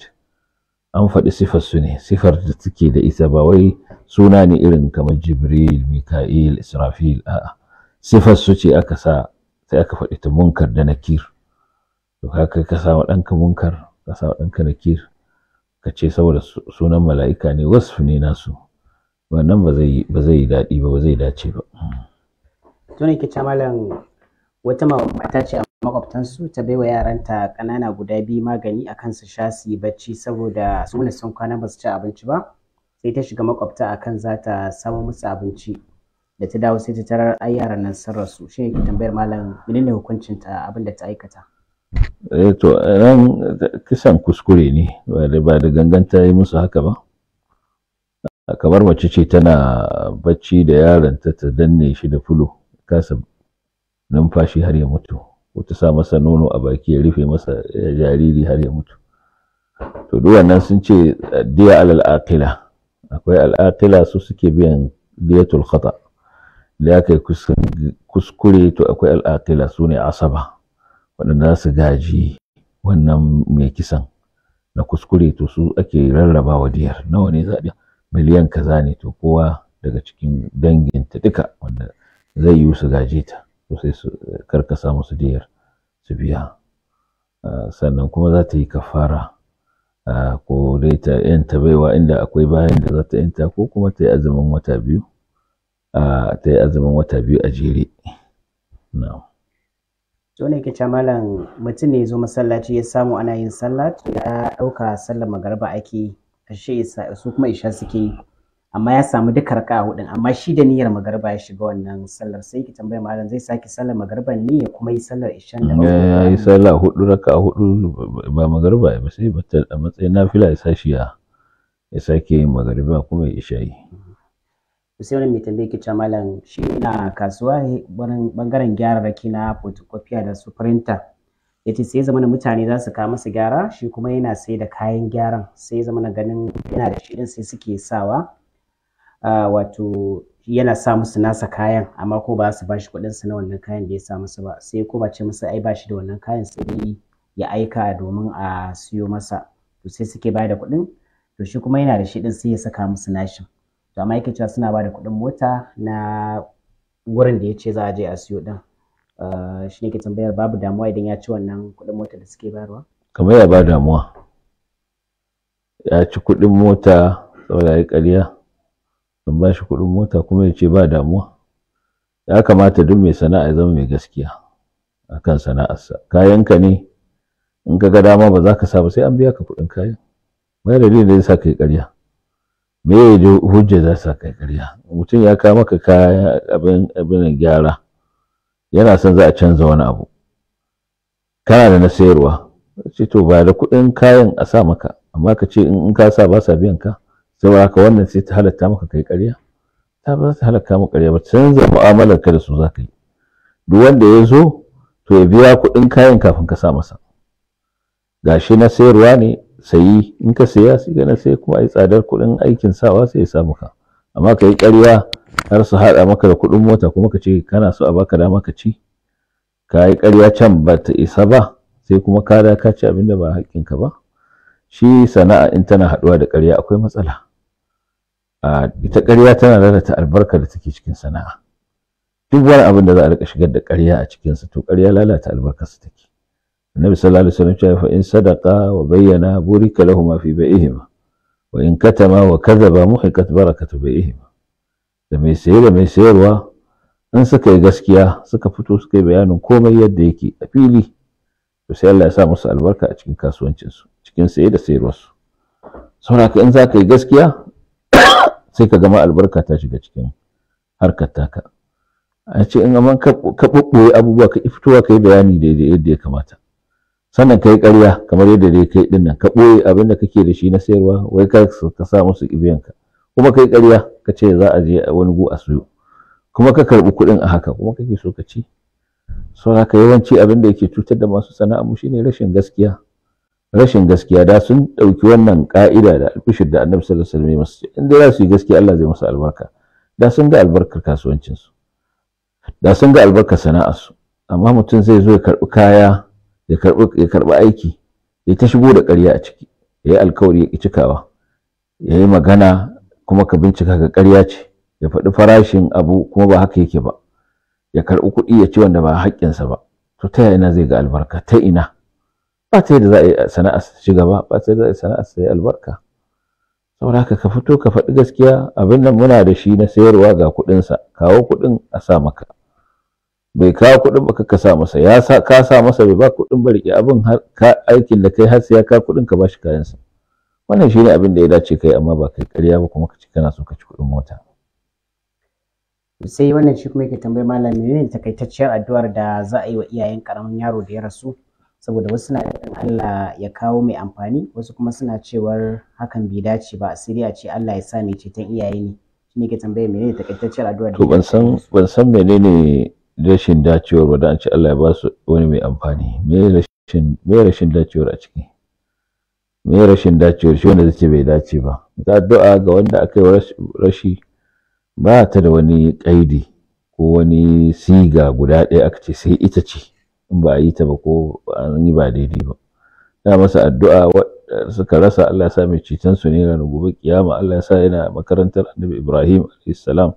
an faɗi sifar su ne sifar da suke da ita ba wai suna ne irin kamar jibril mika'il israfil a'a sifar su ce aka sa sai aka faɗi ta munkar da nakir to kaga ka sa ɗanka munkar ka sa ɗanka nakir ka ce saboda sunan mala'ika ne wasf ne nasu wannan ba zai yi daɗi ba ba zai dace ba tuni ke ce malam wata mata ce a makwabtansu ta baiwa yaranta ƙanana guda biyu magani akan kansu sha su yi bacci saboda su wani sun kwana ba su ci abinci ba sai ta shiga makwabta akan kan za ta samu musu abinci da ta dawo sai ta tarar ai yaran nan sun rasu shi ne tambayar malam menene hukuncin ta abin da ta aikata eh to nan kisan kuskure ne ba da gangan ta yi musu haka ba kamar mace ce tana bacci da yaronta ta danne shi da fulo kasa numfashi har ya mutu ko ta sa masa nono a baki ya rufe masa ya eh, jariri har ya mutu to duk wannan sun ce eh, diya alal aqila akwai al aqila su suke biyan diyatul khata da ya kai kuskure to akwai al aqila su ne asaba waɗanda su gaji wannan mai kisan na kuskure to su ake rarrabawa diyar nawa ne za miliyan kaza ne to kowa daga cikin danginta duka wanda zai yi su gaje ta to sai su karkasa musu diyar su biya ah, sannan kuma za ta yi kafara ah, ko dai ta yanta baiwa inda akwai bayan da za ta yanta ko kuma ta yi azumin wata biyu ah, ta yi azumin wata biyu a jere to ne ke malam mutum ne zo masallaci ya samu ana yin sallah ya ɗauka sallar magarba ake yi kashe su kuma isha suke yi amma ya samu duka raka hudu amma shi da niyyar magarba ya shiga wannan sallar sai ki tambaya malam zai saki sallar magarba ne ya kuma yi sallar isha da ya yi sallar hudu raka hudu ba magarba ba sai a matsayin nafila ya sashi ya ya sake yin magarba kuma ya isha yi sai wani mai tambaye ki malam shi na kasuwa wurin bangaren gyara raki na photocopy da su printer ya ce sai zama mutane za su kawo masa gyara shi kuma yana sai da kayan gyaran sai zama na ganin yana da shirin sai suke sawa wato yana sa musu nasa kayan amma ko ba su ba shi kuɗin su na wannan kayan da ya sa musu ba sai ko ba ce musu ai ba shi da wannan kayan sai dai ya aika domin a siyo masa to sai suke bayar da kuɗin to shi kuma yana da shi din sai ya saka musu nashin to amma yake cewa suna ba da kuɗin mota na wurin da ya ce za a je a siyo din Eh, shi ne ke tambayar babu damuwa idan ya ci wannan kuɗin mota da suke bayarwa? kamar ya ba damuwa ya ci kuɗin mota saboda ya ƙarya sun ba shi kuɗin mota kuma ya ce ba damuwa ya kamata duk mai sana'a ya zama mai gaskiya A kan sana'arsa ka ne in ka ga dama ba za ka sa ba sai an biya ka kuɗin kayan mai da ya sa ka yi ƙarya me ya hujja za sa ka yi ƙarya mutum ya kawo maka kaya abin abin gyara yana son za a canza wani abu kana da na sayarwa ce to ba da kuɗin kayan a sa maka amma ka ce in ka sa ba sa biyan ka saboda ka wannan sai ta halatta maka kai ƙarya ta ba ta halatta maka ƙarya ba canza mu'amalar ka da su za ka yi duk wanda ya zo to ya biya kuɗin kayan kafin ka sa masa gashi na sayarwa ne sayi in ka saya sai na sai kuma ai tsadar kuɗin aikin sawa sai ya samu ka amma ka yi ƙarya har su haɗa maka da kuɗin mota kuma ka ce kana so a baka da maka ci ka yi ƙarya can ba ta isa ba sai kuma ka da ka ci abinda da ba haƙƙinka ba shi sana'a in tana haɗuwa da ƙarya akwai matsala A ita ƙarya tana lalata albarka da take cikin sana'a duk wani abin da za a rika shigar da ƙarya a cikin sa to ƙarya lalata albarkar su take annabi sallallahu alaihi wasallam ya fa in sadaqa wa bayyana burika lahum fi bai'ihima wa in katama wa kadhaba muhiqat barakatu bai'ihima da mai saye da mai sayarwa in suka yi gaskiya suka fito suka yi bayanin komai yadda yake a fili to sai Allah ya sa musu albarka a cikin kasuwancinsu cikin saye da sayarwarsu saboda in za ka yi gaskiya [COUGHS] sai ka gama albarka ta shiga cikin harkar taka a ce in amma ka ɓoɓɓoye abubuwa ka fitowa ka yi bayani daidai yadda ya kamata sannan ka yi ƙarya kamar yadda dai kai ɗin nan ka ɓoye abin da kake da shi na sayarwa wai ka sa musu ibiyanka kuma kai ƙarya ka ce za a je wani gu a siyo kuma ka karɓi kuɗin a haka kuma kake so ka ci so haka yawanci abin da yake cutar da masu sana'a mu shine rashin gaskiya rashin gaskiya da sun ɗauki wannan ƙa'ida da alfishir da annabi sallallahu alaihi wasallam masu in inda za su yi gaskiya Allah zai musu albarka da sun ga albarkar kasuwancinsu da sun ga albarkar sana'arsu amma mutum zai zo ya karɓi kaya ya karɓi ya karɓi aiki ya ta shigo da ƙarya a ciki ya yi alkawari ya ƙi cikawa ya yi magana kuma ka bincika ga ƙarya ce ya faɗi farashin abu kuma ba haka yake ba ya karɓi kuɗi ya ci wanda ba haƙƙinsa ba to ta ina zai ga albarka ta ina ba ta yadda za a yi sana'a su ci gaba ba ta yadda za a yi sana'a su yi albarka saboda haka ka fito ka faɗi gaskiya abin nan muna da shi na sayarwa ga kuɗinsa kawo kuɗin a sa maka bai kawo kuɗin ba ka sa masa ya sa ka sa masa bai ba kuɗin ba riƙe abin har ka aikin da kai har sai ya ka kuɗin ka ba shi kayansa wannan shi ne abin da ya dace kai amma ba kai ƙarya ba kuma kace kana so ka ci kuɗin mota sai wannan shi kuma yake tambayi malam menene takaitacciyar addu'ar da za a yi wa iyayen karamin yaro da ya rasu saboda wasu suna ganin Allah ya kawo mai amfani wasu kuma suna cewar hakan bai dace ba sai dai a ce Allah ya sa mai ceton iyaye ne shi ne yake tambayi menene takaitacciyar addu'ar to ban san ban san menene rashin dacewar ba da an ce Allah ya ba su wani mai amfani me rashin me rashin dacewar a ciki me rashin dacewar shi wanda zai bai dace ba ga addu'a ga wanda aka rashi ba ta da wani kaidi ko wani siga guda ɗaya aka ce sai ita ce in ba a yi ta ba ko an yi ba daidai ba na masa addu'a suka rasa Allah ya sa mai ceton su ne ranar gobe kiyama Allah ya sa yana makarantar annabi Ibrahim alayhis salam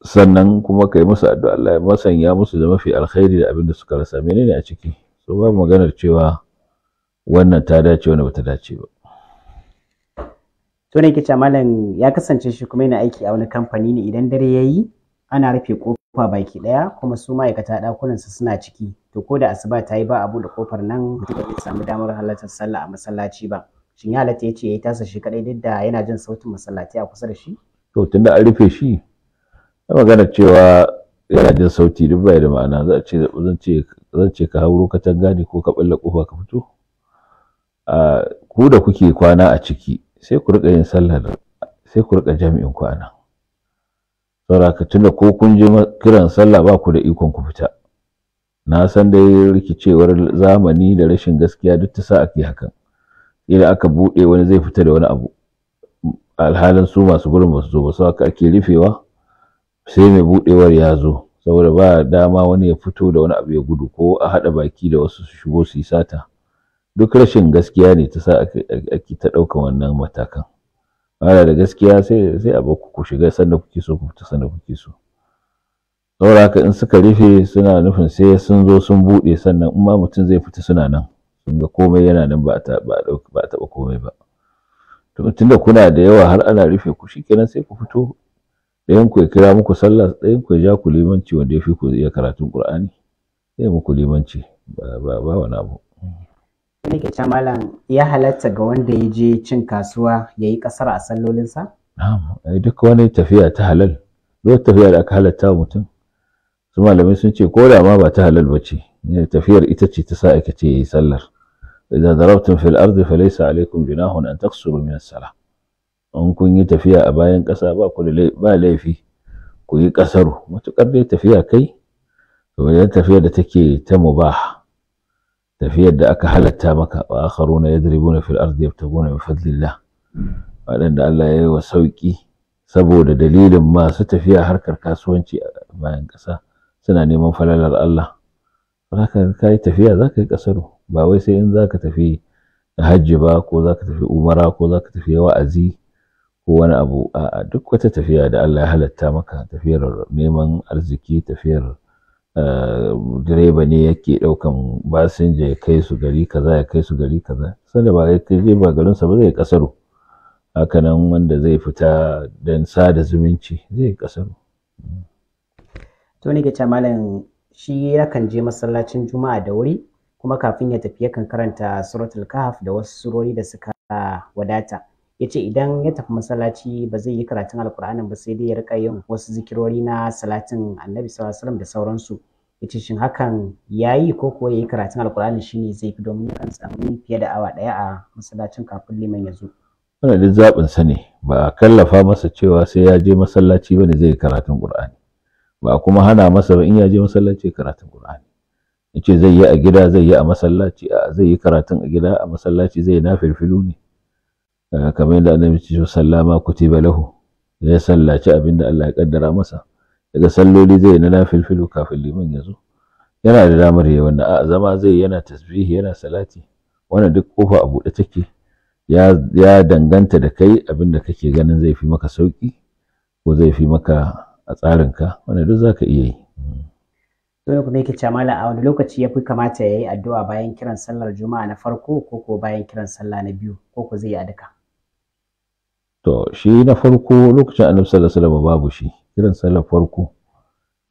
sannan kuma kai musu addu'a Allah ya masanya musu da mafi alkhairi da abin da suka rasa menene a ciki so ba maganar cewa wannan ta dace wani bata dace ba to ne kice malam ya kasance shi kuma yana aiki a wani kamfani ne idan dare yayi ana rufe kofa baki daya kuma su ma'aikata dakunan su suna ciki to ko da asuba ta yi ba abu da kofar nan ba samu damar halartar sallah a masallaci ba shin ya halatta yace yayi tasa shi kadai duk da yana jin sautin masallaci a kusa da shi to tunda an rufe shi magana cewa yana jin sauti duk bai da ma'ana za a ce zan ce ka hauro ka katanga ne ko ka ɓalla kofa ka fito ku da kuke kwana a ciki sai ku rika yin sallah sai ku rika jami'in ku saboda tunda ko kun je kiran sallah ba ku da ikon ku fita na san dai rikicewar zamani da rashin gaskiya duk ta sa ake hakan idan aka buɗe wani zai fita da wani abu alhalin su masu gurin ba su zo ba su haka ake rufewa sai mai buɗewar ya zo saboda ba dama wani ya fito da wani abu ya gudu ko a haɗa baki da wasu su shigo su yi sata duk rashin gaskiya ne ta sa ake ta ɗaukan wannan matakan ana da gaskiya sai sai a baku ku shiga sanda kuke so ku fita sanda kuke so saboda haka in suka rufe suna nufin sai sun zo sun buɗe sannan in ma mutum zai fita suna nan sun ga komai yana nan ba a taɓa komai ba to tunda kuna da yawa har ana rufe ku shikenan sai ku fito ɗayan ku ya kira muku sallah ɗayan ku ya ja ku limanci wanda ya fi ku iya karatun qur'ani sai muku limanci ba ba wani abu Wani ke malam ya halatta ga wanda ya je cin kasuwa ya yi kasar a sallolinsa? Duk wani tafiya ta halal, duk tafiya da aka halatta wa mutum. Su malamai sun ce ko da ma ba ta halal ba ce, tafiyar ita ce ta sa aka ce ya yi sallar. Idan darabtun fil ardi fa laysa alaikum junahun an taksuru min as In kun yi tafiya a bayan ƙasa ba ku ba laifi ku yi ƙasaru, matuƙar dai tafiya kai, to tafiyar da take ta mubah. tafiyar da aka halatta maka wa akharuna na fil ardi yabtaguna min fadlillah waɗanda Allah ya yi wa sauki saboda dalilin masu tafiya harkar kasuwanci a bayan ƙasa suna neman falalar Allah haka ka yi tafiya za ka yi ƙasar ba wai sai in za ka tafi hajji ba ko za ka tafi umara ko za ka tafi wa'azi ko wani abu a duk wata tafiya da Allah ya halatta maka tafiyar neman arziki tafiyar direba ne yake ɗaukan basinja ya kai su gari kaza ya kai su gari kaza sanda ba ya kai ba garin garinsa ba zai kasaro hakanan wanda zai fita don sada zumunci zai kasaro to ne malam shi yakan je masallacin juma'a da wuri kuma kafin ya tafi yakan karanta suratul kahf da wasu surori da suka wadata ya ce idan ya tafi masallaci ba zai yi karatun alkur'anin ba sai dai ya rika yin wasu zikirori na salatin annabi sallallahu da sauransu ya ce shin hakan ya yi ko kuwa ya yi karatun alkur'ani ne zai fi domin yakan samu fiye da awa daya a masallacin kafin liman ya zo. wannan duk zaɓin sa ne ba a kallafa masa cewa sai ya je masallaci ba ne zai yi karatun qur'ani ba kuma hana masa ba in ya je masallaci karatun qur'ani yace zai yi a gida zai yi a masallaci zai yi karatun a gida a masallaci zai na firfilu ne Eh, kamar yadda annabi ce so sallama kutiba lahu ya sallaci abin da Allah ya kaddara masa daga salloli zai na filfilu kafin liman ya zo yana da damar yi wannan a zama zai yana tasbihi yana salati wannan duk kofa a buɗe take ya danganta da kai abin da kake ganin zai fi maka sauki ko zai fi maka a tsarin ka wannan duk zaka iya yi. Dole kuma yake ce mala a wani lokaci ya fi kamata ya yi addu'a bayan kiran sallar juma'a na farko ko ko bayan kiran sallah na biyu ko ko zai yi a duka. to shi na farko lokacin annabi sallallahu alaihi wasallam babu shi kiran sallar farko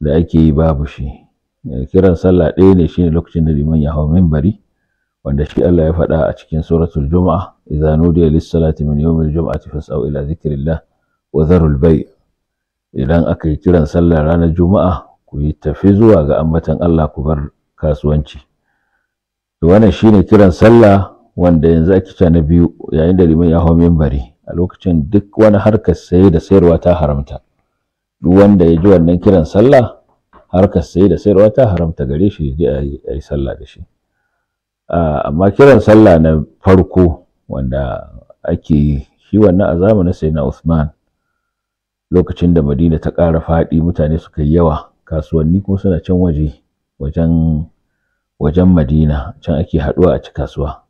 da ake yi babu shi eh, kiran sallah ɗaya ne shine lokacin da liman ya hau minbari wanda shi Allah ya faɗa a cikin suratul juma'a idza nudiya lis salati min yawmil jum'ati fas'au ila zikrillah wa dharul bay' idan aka yi kiran sallar ranar juma'a ku yi tafi zuwa ga ambatan Allah ku bar kasuwanci to wannan shine kiran sallah wanda yanzu ake cewa na biyu yayin da liman ya hau minbari a lokacin duk wani harkar saye da sayarwa ta haramta duk wanda ya ji wannan kiran sallah harkar saye da sayarwa ta haramta gare shi je a yi sallah da shi amma kiran sallah na farko wanda ake yi shi wannan a zamanin sayyidina Usman lokacin da Madina ta ƙara faɗi mutane suka yi yawa kasuwanni kuma suna can waje wajen wajen Madina can ake haɗuwa a ci kasuwa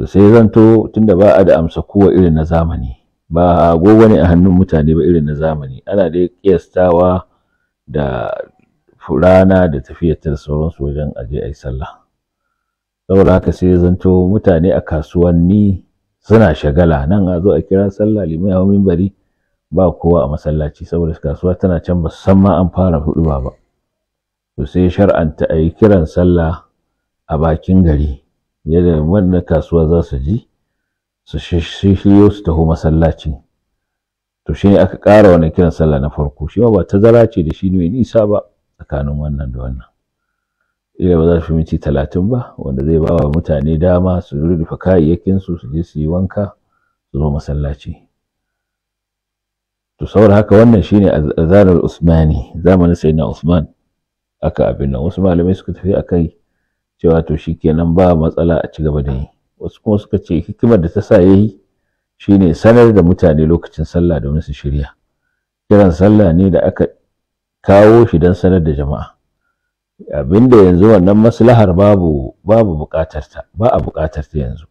to sai zanto tunda ba a da amsa kowa irin na zamani ba agogo ne a hannun mutane ba irin na zamani ana da kiyastawa da furana da tafiyar da sauransu wajen aje a yi sallah saboda haka sai zanto mutane a kasuwanni suna shagala nan a zo a kira sallah limai hawa minbari ba kowa a masallaci saboda kasuwa tana can ba san ma an fara hudu ba ba to sai shar'anta a yi kiran sallah a bakin gari yadda wanda kasuwa za su ji su shishiriyo su taho masallaci to ne aka ƙara wani kiran sallah na farko shi ma ba ta zara ce da shi ne nisa ba tsakanin wannan da wannan ila ba za su minti talatin ba wanda zai ba wa mutane dama su rufe kayayyakinsu su je su yi wanka su zo masallaci to saboda haka wannan shine azanar usmani zamanin sayyidina usman aka abin nan wasu malamai suka tafi akai cewa to shikenan ba matsala a ci gaba da yi wasu kuma suka ce hikimar da ta sa yayi shine sanar da mutane lokacin sallah domin su shirya kiran sallah ne da aka kawo shi don sanar da jama'a abinda yanzu wannan maslahar babu babu bukatar ta ba a bukatar ta yanzu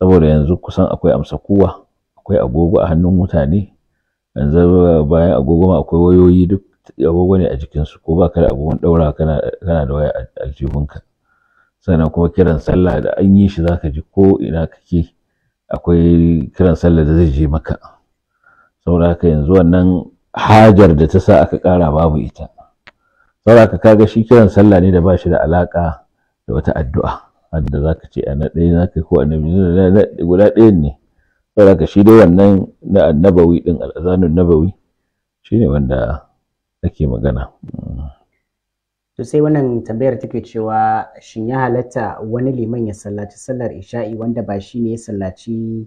saboda yanzu kusan akwai amsa kowa akwai agogo a hannun mutane yanzu bayan agogo ma akwai wayoyi duk agogo ne a jikinsu ko ba ka da agogon daura kana da waya a aljihunka sannan kuma kiran sallah da an yi shi zaka ji ko ina kake akwai kiran sallah da zai je maka saboda haka yanzu wannan hajar da ta sa aka kara babu ita saboda haka kaga shi kiran sallah ne da ba shi da alaka da wata addu'a wanda zaka ce a na ɗaya zaka ko annabi guda ɗayan ne saboda haka shi dai wannan na annabawi din al'azanun nabawi shine wanda ake magana to sai wannan tambayar take cewa shin ya halatta wani liman ya sallaci sallar isha'i wanda ba shi ne ya sallaci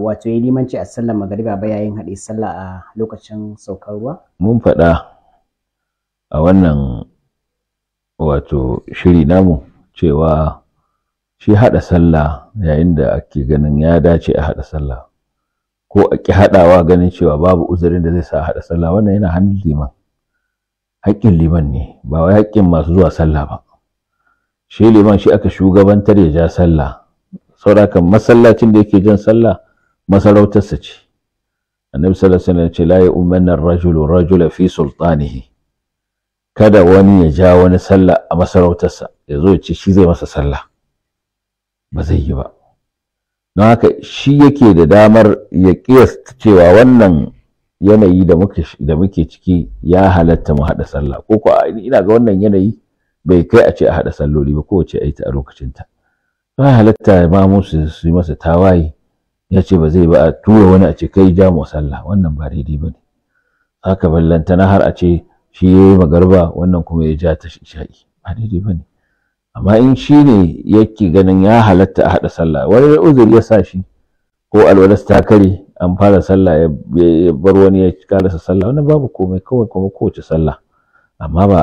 wato ya limanci a sallar magariba ba yayin haɗe sallah a lokacin saukar ruwa mun faɗa a wannan wato shiri namu cewa shi haɗa sallah yayin da ake ganin ya dace a haɗa sallah ko a ƙi haɗawa ganin cewa babu uzurin da zai sa haɗa sallah wannan yana hannun liman haƙƙin liman ne ba wai haƙƙin masu zuwa sallah ba shi liman shi aka shugabantar ya ja sallah saboda masallacin da yake jan sallah masarautarsa ce annabi sallallahu alaihi wasallam ce la yu'minu ar-rajulu rajula fi sultanihi kada wani ya ja wani sallah a masarautarsa ya zo ya ce shi zai masa sallah ba zai yi ba don haka shi yake da damar ya kiyasta cewa wannan yanayi da muke ciki ya halatta mu haɗa sallah ko ko ina ga wannan yanayi bai kai a ce a haɗa salloli ba kowace a yi ta a lokacinta ba halatta ma musu su yi masa tawaye ya ce ba zai ba a tura wani a ce kai ja mu sallah wannan ba daidai ba ne haka ballantana har a ce shi ya yi magarba wannan kuma ya ja ta sha'i ba daidai ba ne amma in shi ne yake ganin ya halatta a haɗa sallah wani uzuri ya sa shi ko alwalas ta kare an fara sallah ya bar wani ya karasa sallah wannan babu komai kawai kuma kowace sallah amma ba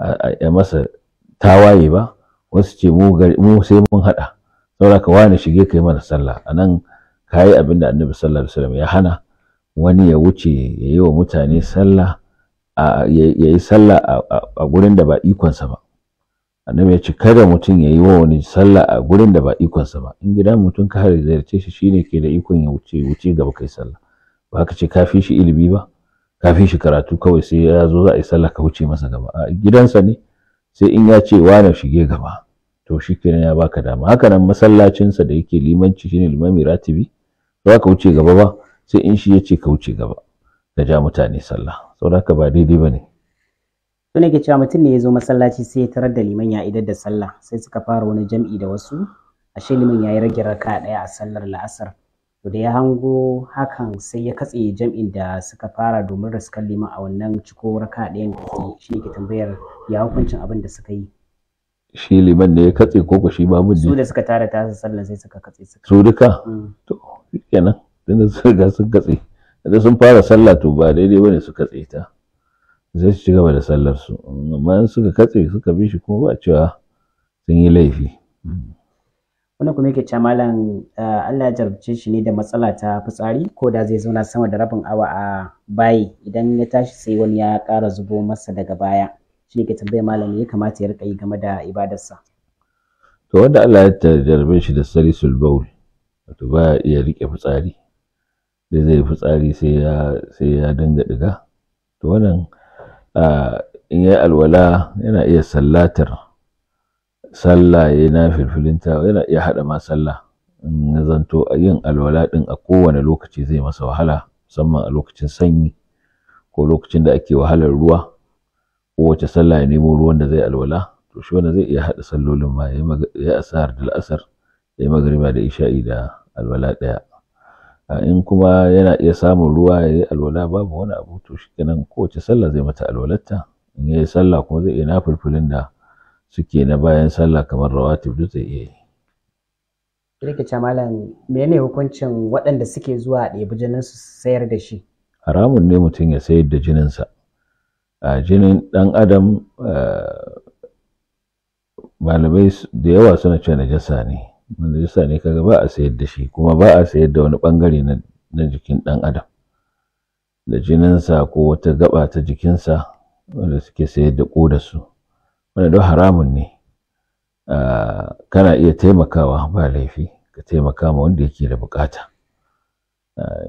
a masa tawaye ba wasu ce mu sai mun hada saboda ka wani shige kai mana sallah anan kayi abin da annabi sallallahu alaihi wasallam ya hana wani ya wuce ya yi wa mutane sallah ya yi sallah a gurin da ba ikonsa ba annabi ya ce kada mutum ya yi wa wani sallah a gurin da ba ikonsa ba in gidan mutum ka hari ziyarce shi shine ke da ikon ya wuce wuce gaba kai sallah ba ka ce kafi shi ilimi ba kafi shi karatu kawai sai ya zo za a yi sallah ka wuce masa gaba a gidansa ne sai in ya ce wane shige gaba to shi kenan ya baka dama haka nan masallacinsa da yake limanci shine limami ratibi ba ka wuce gaba ba sai in shi ya ce ka wuce gaba da ja mutane sallah saboda haka ba daidai ba ne to ne ke cewa mutum ne ya zo masallaci sai ya tarar da liman ya idar da sallah sai suka fara wani jam'i da wasu ashe liman ya yi rage raka ɗaya a sallar la'asar to da ya hango hakan sai ya katse jam'in da suka fara domin raskan liman a wannan ciko raka ɗayan da ke shi ne ke tambayar ya hukuncin abin da suka yi shi liman ne ya katse ko ba shi mamun su da suka tara tasa sallar sai suka katse su su duka mm. to kenan tunda sun riga sun katse da sun fara sallah to ba daidai bane su katse ta Zai su ci gaba da sallar su bayan suka katse suka bi shi kuma ba cewa sun yi laifi Wani kuma yake cewa malam eh, Allah ya jarabce shi ne da matsala ta fitsari ko da zai zauna sama da rabin awa a bayi idan ya tashi sai wani ya ƙara zubo masa daga baya shi ne ke tambaye malam ya kamata ya rika yi game da ibadarsa to wanda Allah ya jarbe shi da sari baul wato baya iya rike fitsari zai zai fitsari sai ya sai ya danga diga to wannan in yi alwala yana iya sallatar sallah ya na filfilinta yana iya haɗa ma sallah in zanto yin alwala ɗin a kowane lokaci zai masa wahala musamman a lokacin sanyi ko lokacin da ake wahalar ruwa kowace sallah ya nemo ruwan da zai alwala to shi wanda zai iya haɗa sallolin ma ya yi asar da la'asar ya yi magariba da isha'i da alwala ɗaya Ah, in kuma yana iya samun ruwa ya yi alwala babu wani abu to kenan kowace sallah zai mata alwalarta in ya yi sallah kuma zai iya nafulfulin da suke na bayan sallah kamar rawatib duk zai iya yi. rikice malam mene hukuncin waɗanda suke zuwa a ɗebi jinin su sayar da shi? Haramun ne mutum ya sayar da jininsa. A jinin ɗan adam eh, malamai da yawa suna cewa najasa ne. wanda jisa ne kaga ba a sayar da shi kuma ba a sayar da wani bangare na jikin ɗan adam da jininsa ko wata gaba ta jikinsa wanda suke sayar da su. wanda don haramun ne ah, kana iya taimakawa ba laifi ka taimaka ma wanda yake da bukata ah,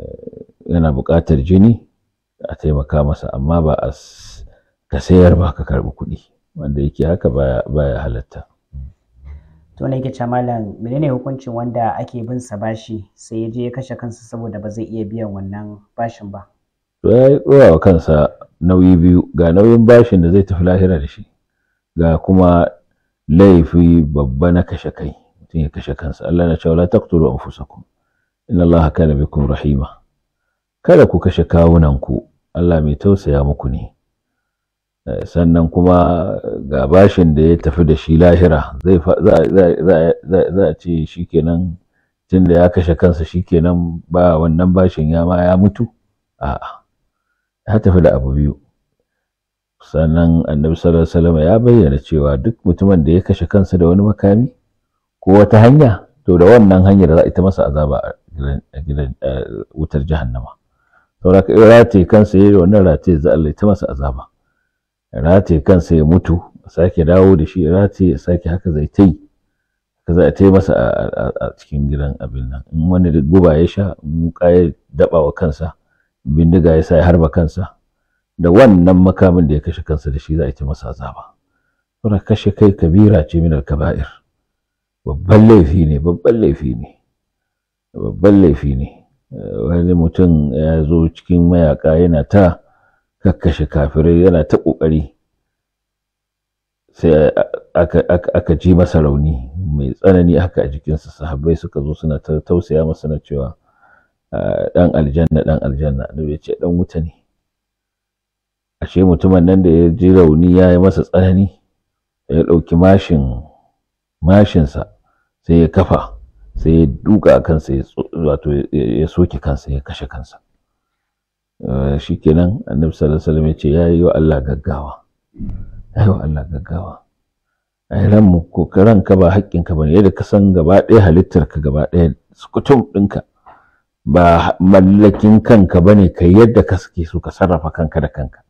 yana bukatar jini a taimaka masa amma ba a ka ba ka karɓi kuɗi wanda yake haka baya halatta to ne yake ce malam menene hukuncin wanda ake bin sa bashi sai ya je ya kashe kansa saboda ba zai iya biyan wannan bashin ba to ya yi tsora wa kansa nauyi biyu ga nauyin bashin da zai tafi lahira da shi ga kuma laifi babba na kashe kai mutum ya kashe kansa Allah na cewa la taqtulu anfusakum inna Allah kana bikum rahima kada ku kashe kawunan ku Allah mai tausaya muku ne Eh, sannan kuma eh, ga bashin da ya tafi da shi lahira zai za a ce shi kenan tun da ya kashe kansa shi kenan ba wannan bashin ya ma ya mutu a'a ya tafi da abu biyu sannan annabi sallallahu alaihi ya bayyana cewa duk mutumin da ya kashe kansa da wani makami ko wata hanya to da wannan hanyar za a ita masa azaba a gidan eh, wutar jahannama saboda ka rataye kansa yayin wannan rataye za a ita masa azaba rataye kansa ya mutu sake dawo da shi rataye sake haka zai ta yi za ta masa a cikin gidan abin nan in wani guba ya sha muka ya daba wa kansa bindiga ya sa ya harba kansa da wannan makamin da ya kashe kansa da shi za a ta masa azaba saboda kashe kai kabira ce minar kaba'ir babban laifi ne babban laifi ne babban laifi ne eh, wani mutum ya zo cikin mayaka yana ta kakkashe kafirai yana ta ƙoƙari sai aka ji masa rauni mai tsanani haka a jikinsa sahabbai suka zo suna tausaya masa na cewa ɗan aljanna ɗan aljanna annabi ya ce dan wuta ne ashe mutumin nan da ya ji rauni ya yi masa tsanani ya ɗauki mashin mashinsa sai ya kafa sai ya duka kansa wato ya soke kansa ya kashe kansa Eh, shikenan annabi sallallahu alaihi wasallam ya ce yayi wa Allah gaggawa yayi wa Allah gaggawa ai ran mu ko karan ka ba haƙƙin ka bane yadda ka san gaba ɗaya halittar ka gaba ɗaya sukutum ɗinka ba mallakin kanka bane kai yadda ka suke so ka sarrafa kanka da kanka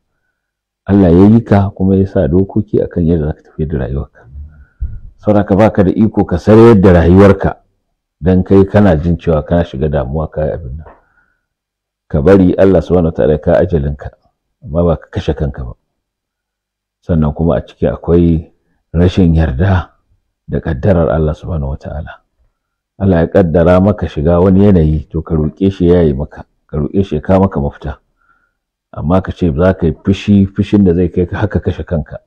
Allah ya yi ka kuma ya sa dokoki akan yadda zaka tafi da rayuwarka saboda baka da iko ka sayar da rayuwarka dan kai kana jin cewa kana shiga damuwa kai abin nan ka bari Allah subhanahu wataala ka ajalinka amma ba ka kashe kanka ba sannan kuma a ciki akwai rashin yarda da kaddarar Allah subhanahu wataala Allah ya kaddara maka shiga wani yanayi to ka roƙe shi yayi maka ka roƙe shi ka maka mafita amma ka ce za ka yi fushi fushin da zai kai ka haka kashe kanka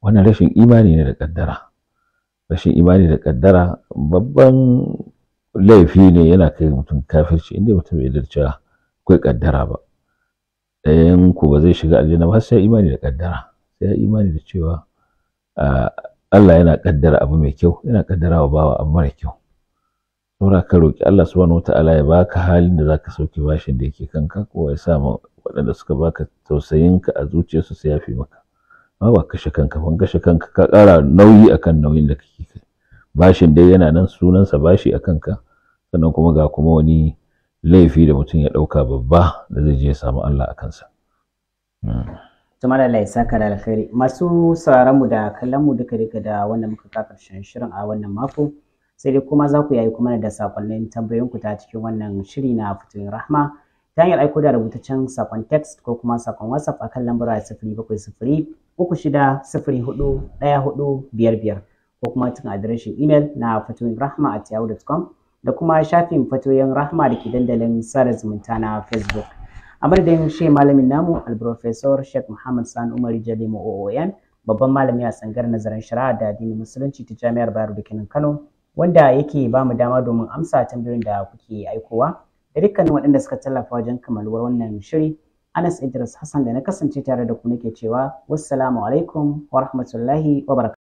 wannan rashin imani ne da kaddara rashin imani da kaddara babban laifi ne yana kai mutum kafirci inda mutum ya dirce akwai kaddara ba ɗayan ku ba zai shiga aljanna ba sai imani da kaddara sai imani da cewa Allah yana kaddara abu mai kyau yana kaddara wa bawa abu mara kyau saboda ka roki Allah subhanahu wataala ya baka halin da zaka sauke bashin da yake kanka ko ya sa waɗanda suka baka tausayinka a zuciyarsu su yafi maka amma ba kashe kanka ban kashe kanka ka ƙara nauyi akan nauyin da kake kai bashin dai yana nan sunansa bashi a kanka sannan kuma ga kuma wani laifi da mutum ya ɗauka babba da zai je ya samu Allah a kansa. Hmm. Tuma da laisa ka da alkhairi masu sauraron mu da kallon mu duka duka da wannan muka ka karshen shirin a wannan mako sai dai kuma za ku yayi kuma da sakonnin tambayoyin ku ta cikin wannan shiri na fitoyin rahma ta hanyar aiko da rubutaccen sakon text ko kuma sakon whatsapp a kan lambar sifiri bakwai sifiri uku shida sifiri hudu ɗaya hudu biyar biyar ko kuma tun adireshin email na fitoyin rahma at yahoo.com da kuma shafin fatoyin rahma da ke dandalin sada zumunta na facebook a madadin shi malamin namu alprofesor sheikh muhammad san umar mu oon babban malami a tsangar nazarin shari'a da addinin musulunci ta jami'ar bayero da kenan kano wanda yake ba mu dama domin amsa tambayoyin da kuke aikowa da dukkanin waɗanda suka tallafa wajen kammaluwar wannan shiri anas idris hassan da na kasance tare da ku nake cewa wassalamu alaikum wa rahmatullahi wa